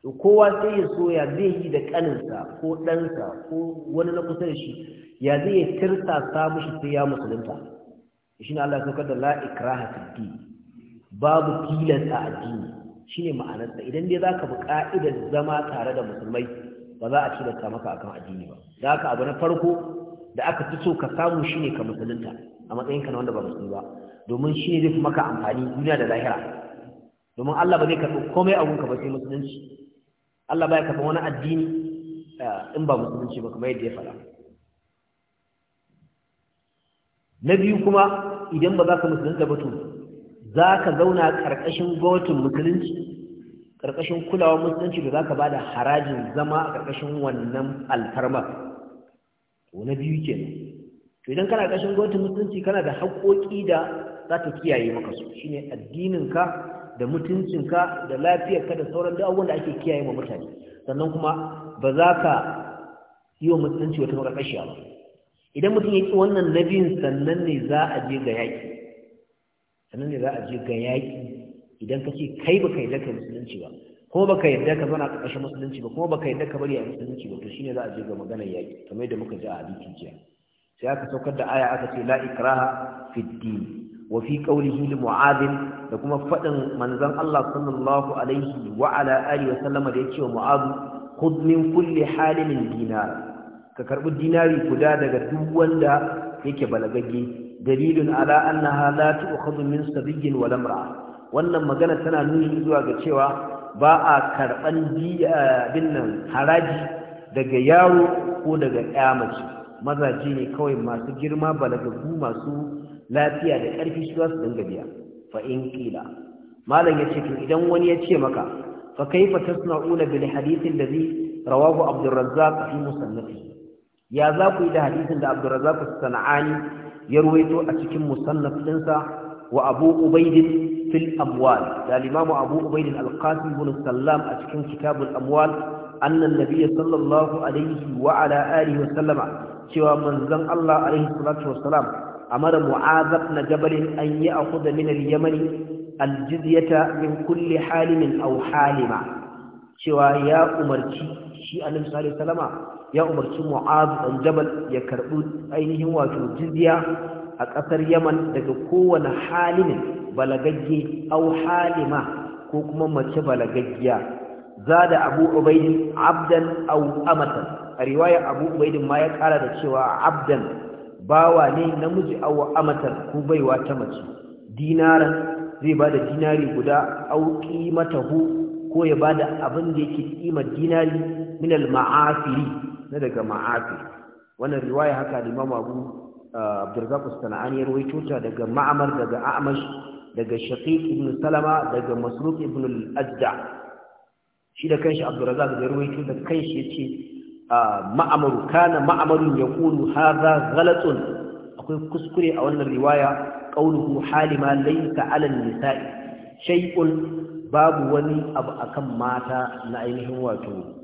to kowa sai ya soya zai yi da kaninsa ko ɗansa ko wani na kusa da shi ya zai ya tirsa sa mushi sai ya musulunta shi ne Allah saukar da la ikraha babu tilasta addini shine ma'anarsa idan dai zaka bi ka'idar zama tare da musulmai ba za a tilasta maka akan addini ba Za ka abu na farko da aka fi so ka samu shine ka musulunta a matsayin ka na wanda ba musulmi ba domin shi zai maka amfani duniya da lahira domin Allah ba zai karɓi komai a gunka ba sai musulunci Allah baya karɓi wani addini eh, in ba musulunci ba kamar yadda ya faɗa na biyu kuma idan ba za ka musulunta ba to za ka zauna ƙarƙashin gwamnatin musulunci ƙarƙashin kulawar musulunci da za ka ba da harajin zama a ƙarƙashin wannan alfarmar to na biyu kenan idan kana kashin gwamnati mutunci kana da haƙoƙi da za ta kiyaye maka su shine addininka da mutuncinka da lafiyarka da sauran duk abubuwan da ake kiyaye ma mutane sannan kuma ba za ka yi wa mutunci wata makarƙashiya ba idan mutum ya ƙi wannan nabin sannan ne za a je ga yaƙi sannan ne za a je ga yaƙi idan ka ce kai baka yarda ka musulunci ba ko baka yarda ka zauna ƙarƙashin musulunci ba ko baka yarda ka bari a musulunci ba to shine za a je ga maganar yaƙi kamar yadda muka ji a hadisin jiya sai aka saukar da aya aka ce la ikraha fi din wa fi da kuma faɗin manzon Allah sallallahu alaihi wa ala wa sallama da yake wa mu'adh khudh min kulli halin dinar ka karbi dinari guda daga duk wanda yake balagagge Dalilin ala annaha la tu'khadhu min sabiyyin wa lamra wannan magana tana nuni zuwa ga cewa ba a karɓan diya eh, binnan haraji daga yawo ko daga ƴa mace mazaje ne kawai masu girma balagagu masu lafiya da ƙarfi su za su dinga biya fa in qila malam yace to idan wani ya ce maka fa kaifa tasna'una bil hadith alladhi rawahu Abdul Razzaq fi musannafi ya za ku yi da hadisin da Abdul Razzaq sana'ani ya ruwaito a cikin musannaf ɗinsa wa Abu Ubaidin في الأموال قال الإمام أبو عبيد القاسم بن السلام أشكن كتاب الأموال أن النبي صلى الله عليه وعلى آله sallama. cewa manzon Allah alaihi a wassalam amara mu'az ibn jabal an yi a al-yaman al-jizyata min kulle halimin au halima cewa ya umarci shi annabi ya umarci mu'az jabal ya karɓi ainihin wato Jiziya a ƙasar yaman daga kowane halimin balagagge au halima ko kuma mace balagaggiya za da abu ubaidi abdan au a riwaya abu ubaidin ma ya kara da cewa abdan bawa ne namiji awa amatar ko baiwa ta mace dinaran zai ba da dinari guda au hu ko ya ba da abin da yake kimar dinari min al-ma'afiri na daga ma'afi wannan riwaya haka limamu abu ah, abdurrazak sana'ani ya rawaito ta daga ma'amar daga a'mash daga shaqiq ibn salama daga masruq ibn al-ajda shi da kanshi abdurrazak da rawaito da kanshi yace ma'amaru kana ma'amarun ya kulu haza galatsun akwai kuskure a wannan riwaya ƙaunuhu halima laisa alal nisa'i shay'un babu wani abu akan mata na ainihin wato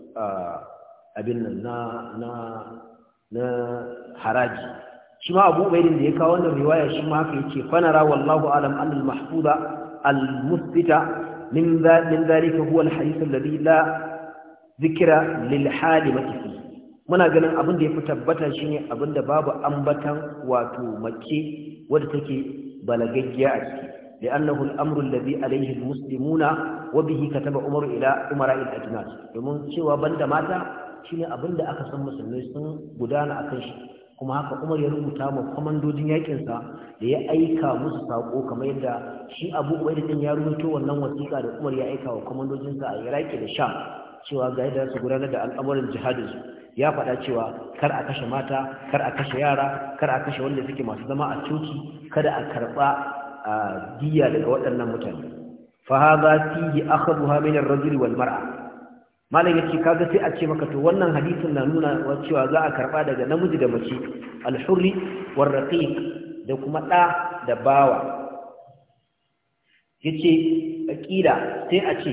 abin nan na na na haraji shi ma abu da ya kawo wannan riwaya shi ma haka yake fanara wallahu alam annal mahfuza al musbita min min zalika huwa al hadith alladhi la dhikra lil halimati muna ganin abin da ya fi tabbata shine abin da babu ambatan wato mace wadda take balagaggiya a ciki لأنه الأمر الذي عليه المسلمون kataba كتب ila إلى أمراء الأجناس domin cewa banda mata shine abin da aka san musulmai sun gudana akan shi kuma haka Umar ya rubuta ma komandojin yakin sa da ya aika musu sako kamar yadda shi Abu Ubaida din ya rubuto wannan wasiƙa da Umar ya aika wa komandojin sa a Iraki da Sham cewa ga yadda su gudanar da al'amuran jihadin su ya faɗa cewa kar a kashe mata kar a kashe yara kar a kashe wanda suke masu zama a coci kada a karɓa diya daga waɗannan mutane fa hadha fihi akhadha min ar-rajul wal mar'a malam yace kaga sai a ce maka to wannan hadisin na nuna cewa za a karɓa daga namiji da mace al-hurri war raqiq da kuma ɗa da bawa yace akida sai a ce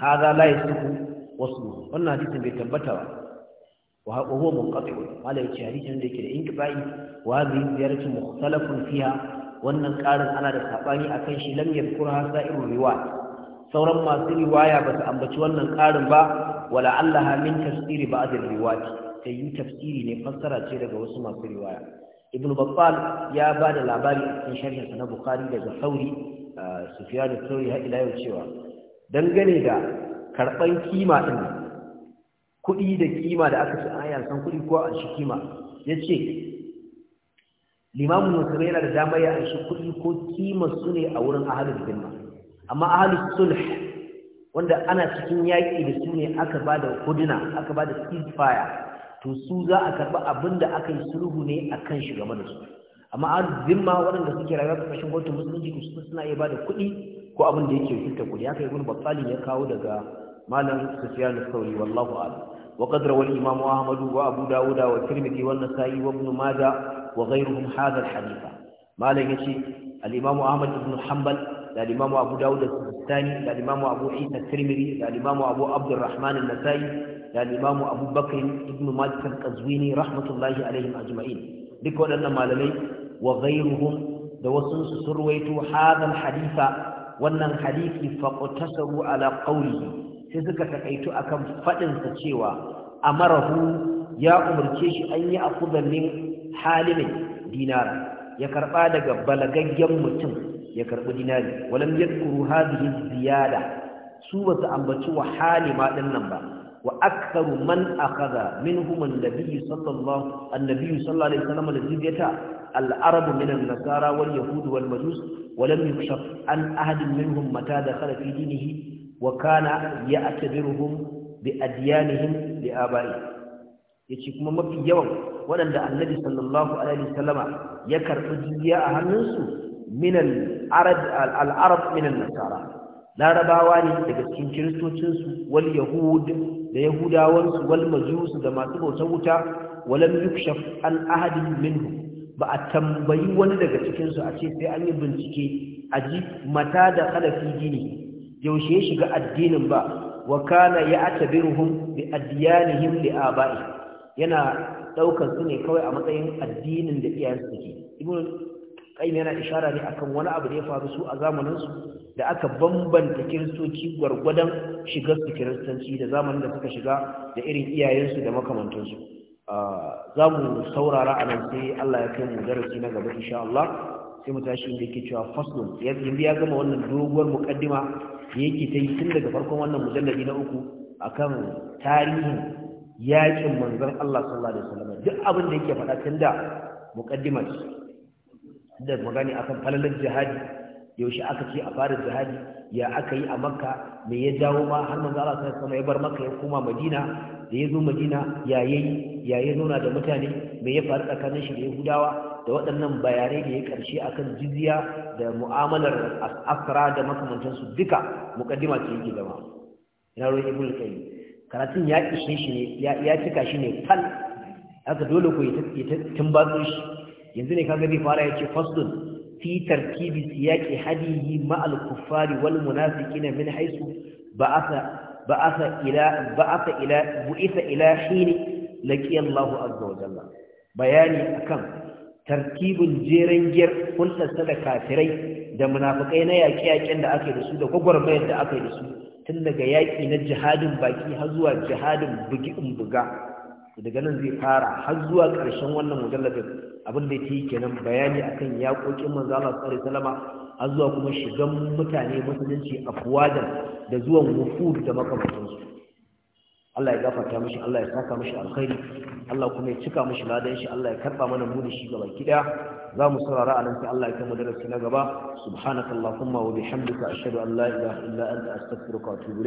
hadha la yasuku wasu wannan hadisin bai tabbata ba wa haƙo huwa munqati wala yace hadisin da yake da inqibai wa hadhihi ziyaratu mukhtalafun fiha wannan ƙarin ana da sabani akan shi lam yadhkurha sa'irur riwayat sauran masu riwaya ba su ambaci wannan ƙarin ba wala allaha min tafsiri ba'd riwayat Kai yi tafsiri ne fassara ce daga wasu masu riwaya ibnu babbal ya ba da labari a cikin na bukhari daga sauri ah, sufyan sauri, thawri har ila yau cewa dangane da karɓan kima ɗin kuɗi da kima da aka ce an ah, yi san kuɗi ko an shi kima ya ce limamin musulmi yana da dama ya an shi kuɗi ko kima su ne a wurin ahalus dimma amma ahalus sulh wanda ana cikin yaƙi da su ne aka ba da huduna aka ba da ceasefire to su za a karɓi abin da aka yi sulhu ne a kan shi game da su amma ahalus dimma waɗanda suke rayuwa ƙarƙashin gwamnatin musulunci suna iya ba da kuɗi ko abin da yake fitar kuɗi haka ibn battali ya kawo daga malam sufyan al-thawri wallahu a'lam wa qad rawal imam ahmad wa abu daud wa tirmidhi wa an wa ibn majah wa ghayruhum hadha malam yace al-imam ahmad ibn hanbal da al-imam abu daud al-sistani abu isa tirmidhi da abu abdurrahman al-nasa'i da abu bakr ibn majah qazwini rahmatullahi alayhim ajma'in duk wadannan malamai wa ghayruhum da wasu su surwaitu hadha al-hadith wannan hadisi faqtasabu ala qawlihi sai suka takaitu akan faɗinsa cewa amarahu ya umarce shi an yi a kudannin halimin dinara ya karɓa daga balagaggen mutum ya karɓi dinari walam yadkuru hadhihi ziyada su ba su ambaci wa halima din nan ba wa aktharu man akhadha minhum an sallallahu an sallallahu alaihi wasallam al-jizyata al-arab min an-nasara wal yahud wal majus wa kana ya'tabiruhum bi adyanihim li Ya yace kuma mafi yawan waɗanda annabi sallallahu alaihi wasallama ya karɓi jiya a hannunsu min al nasara larabawa ne daga cikin kiristocinsu wal yahud da yahudawansu wal majusu da masu bautar wuta walam yukshaf an ahadin minhu ba a tambayi wani daga cikinsu a ce sai an yi bincike a ji mata da kalafi gini yaushe ya shiga addinin ba wa kana ya atabiruhum bi adyanihim li aba'i yana daukar su ne kawai a matsayin addinin da iyayensu suke ibnu qayyim yana ishara ne akan wani abu da ya faru su a zamanin su da aka bambanta kiristoci gwargwadon shigar su kiristanci da zamanin da suka shiga da irin iyayensu da makamantansu ah, za mu saurara a nan sai Allah ya kai mu darasi na gaba insha Allah sai mu tashi inda yake cewa faslun yanzu ya gama wannan doguwar muqaddima yake ta yi tun daga farkon wannan mujallabi na uku akan tarihin yakin manzon Allah sallallahu alaihi wasallam duk abin da yake faɗa tun da muƙaddimar da magani akan falalar jihadi yaushe aka ce a fara jihadi ya aka yi a makka mai ya jawo ma har manzan Allah sallallahu alaihi ya bar makka ya koma madina da ya zo madina ya yayi ya zauna da mutane mai ya faru tsakanin shi da yahudawa da waɗannan bayanai da ya ƙarshe a kan jizya da mu'amalar asra da makamantansu duka mukaddima ce yake zama ina ruwan ibn al karatun ya ishe shi ne ya cika shi ne fal haka dole ku yi tumbatsu shi yanzu ne kaga zai fara ce faslun fi tartibi siyaqi hadihi ma al-kuffari wal munafiqina min haythu ba'atha ba'atha ila ba'atha ila bu'itha ila hini laqiya Allahu azza wa jalla bayani akan tartibin jeren giyar hulɗarsa da kafirai da munafukai na yaƙe-yaƙen da aka yi da su da gwagwarmayar da aka yi da su tun daga yaƙi na jihadin baki har zuwa jihadin bugi buga daga nan zai fara har zuwa ƙarshen wannan mujallabin abin da ta yi kenan bayani akan yaƙoƙin manzo Allah sallallahu salama har zuwa kuma shigan mutane musulunci a afwadan da zuwan wufud da makamantansu Allah ya gafarta mishi Allah ya saka mishi alkhairi Allah kuma ya cika mishi ladan shi Allah ya karba mana muni shi gaba kida za mu saurara nan sai Allah ya kai mu darasi na gaba subhanakallahumma wa bihamdika ashhadu an la ilaha illa anta astaghfiruka wa atubu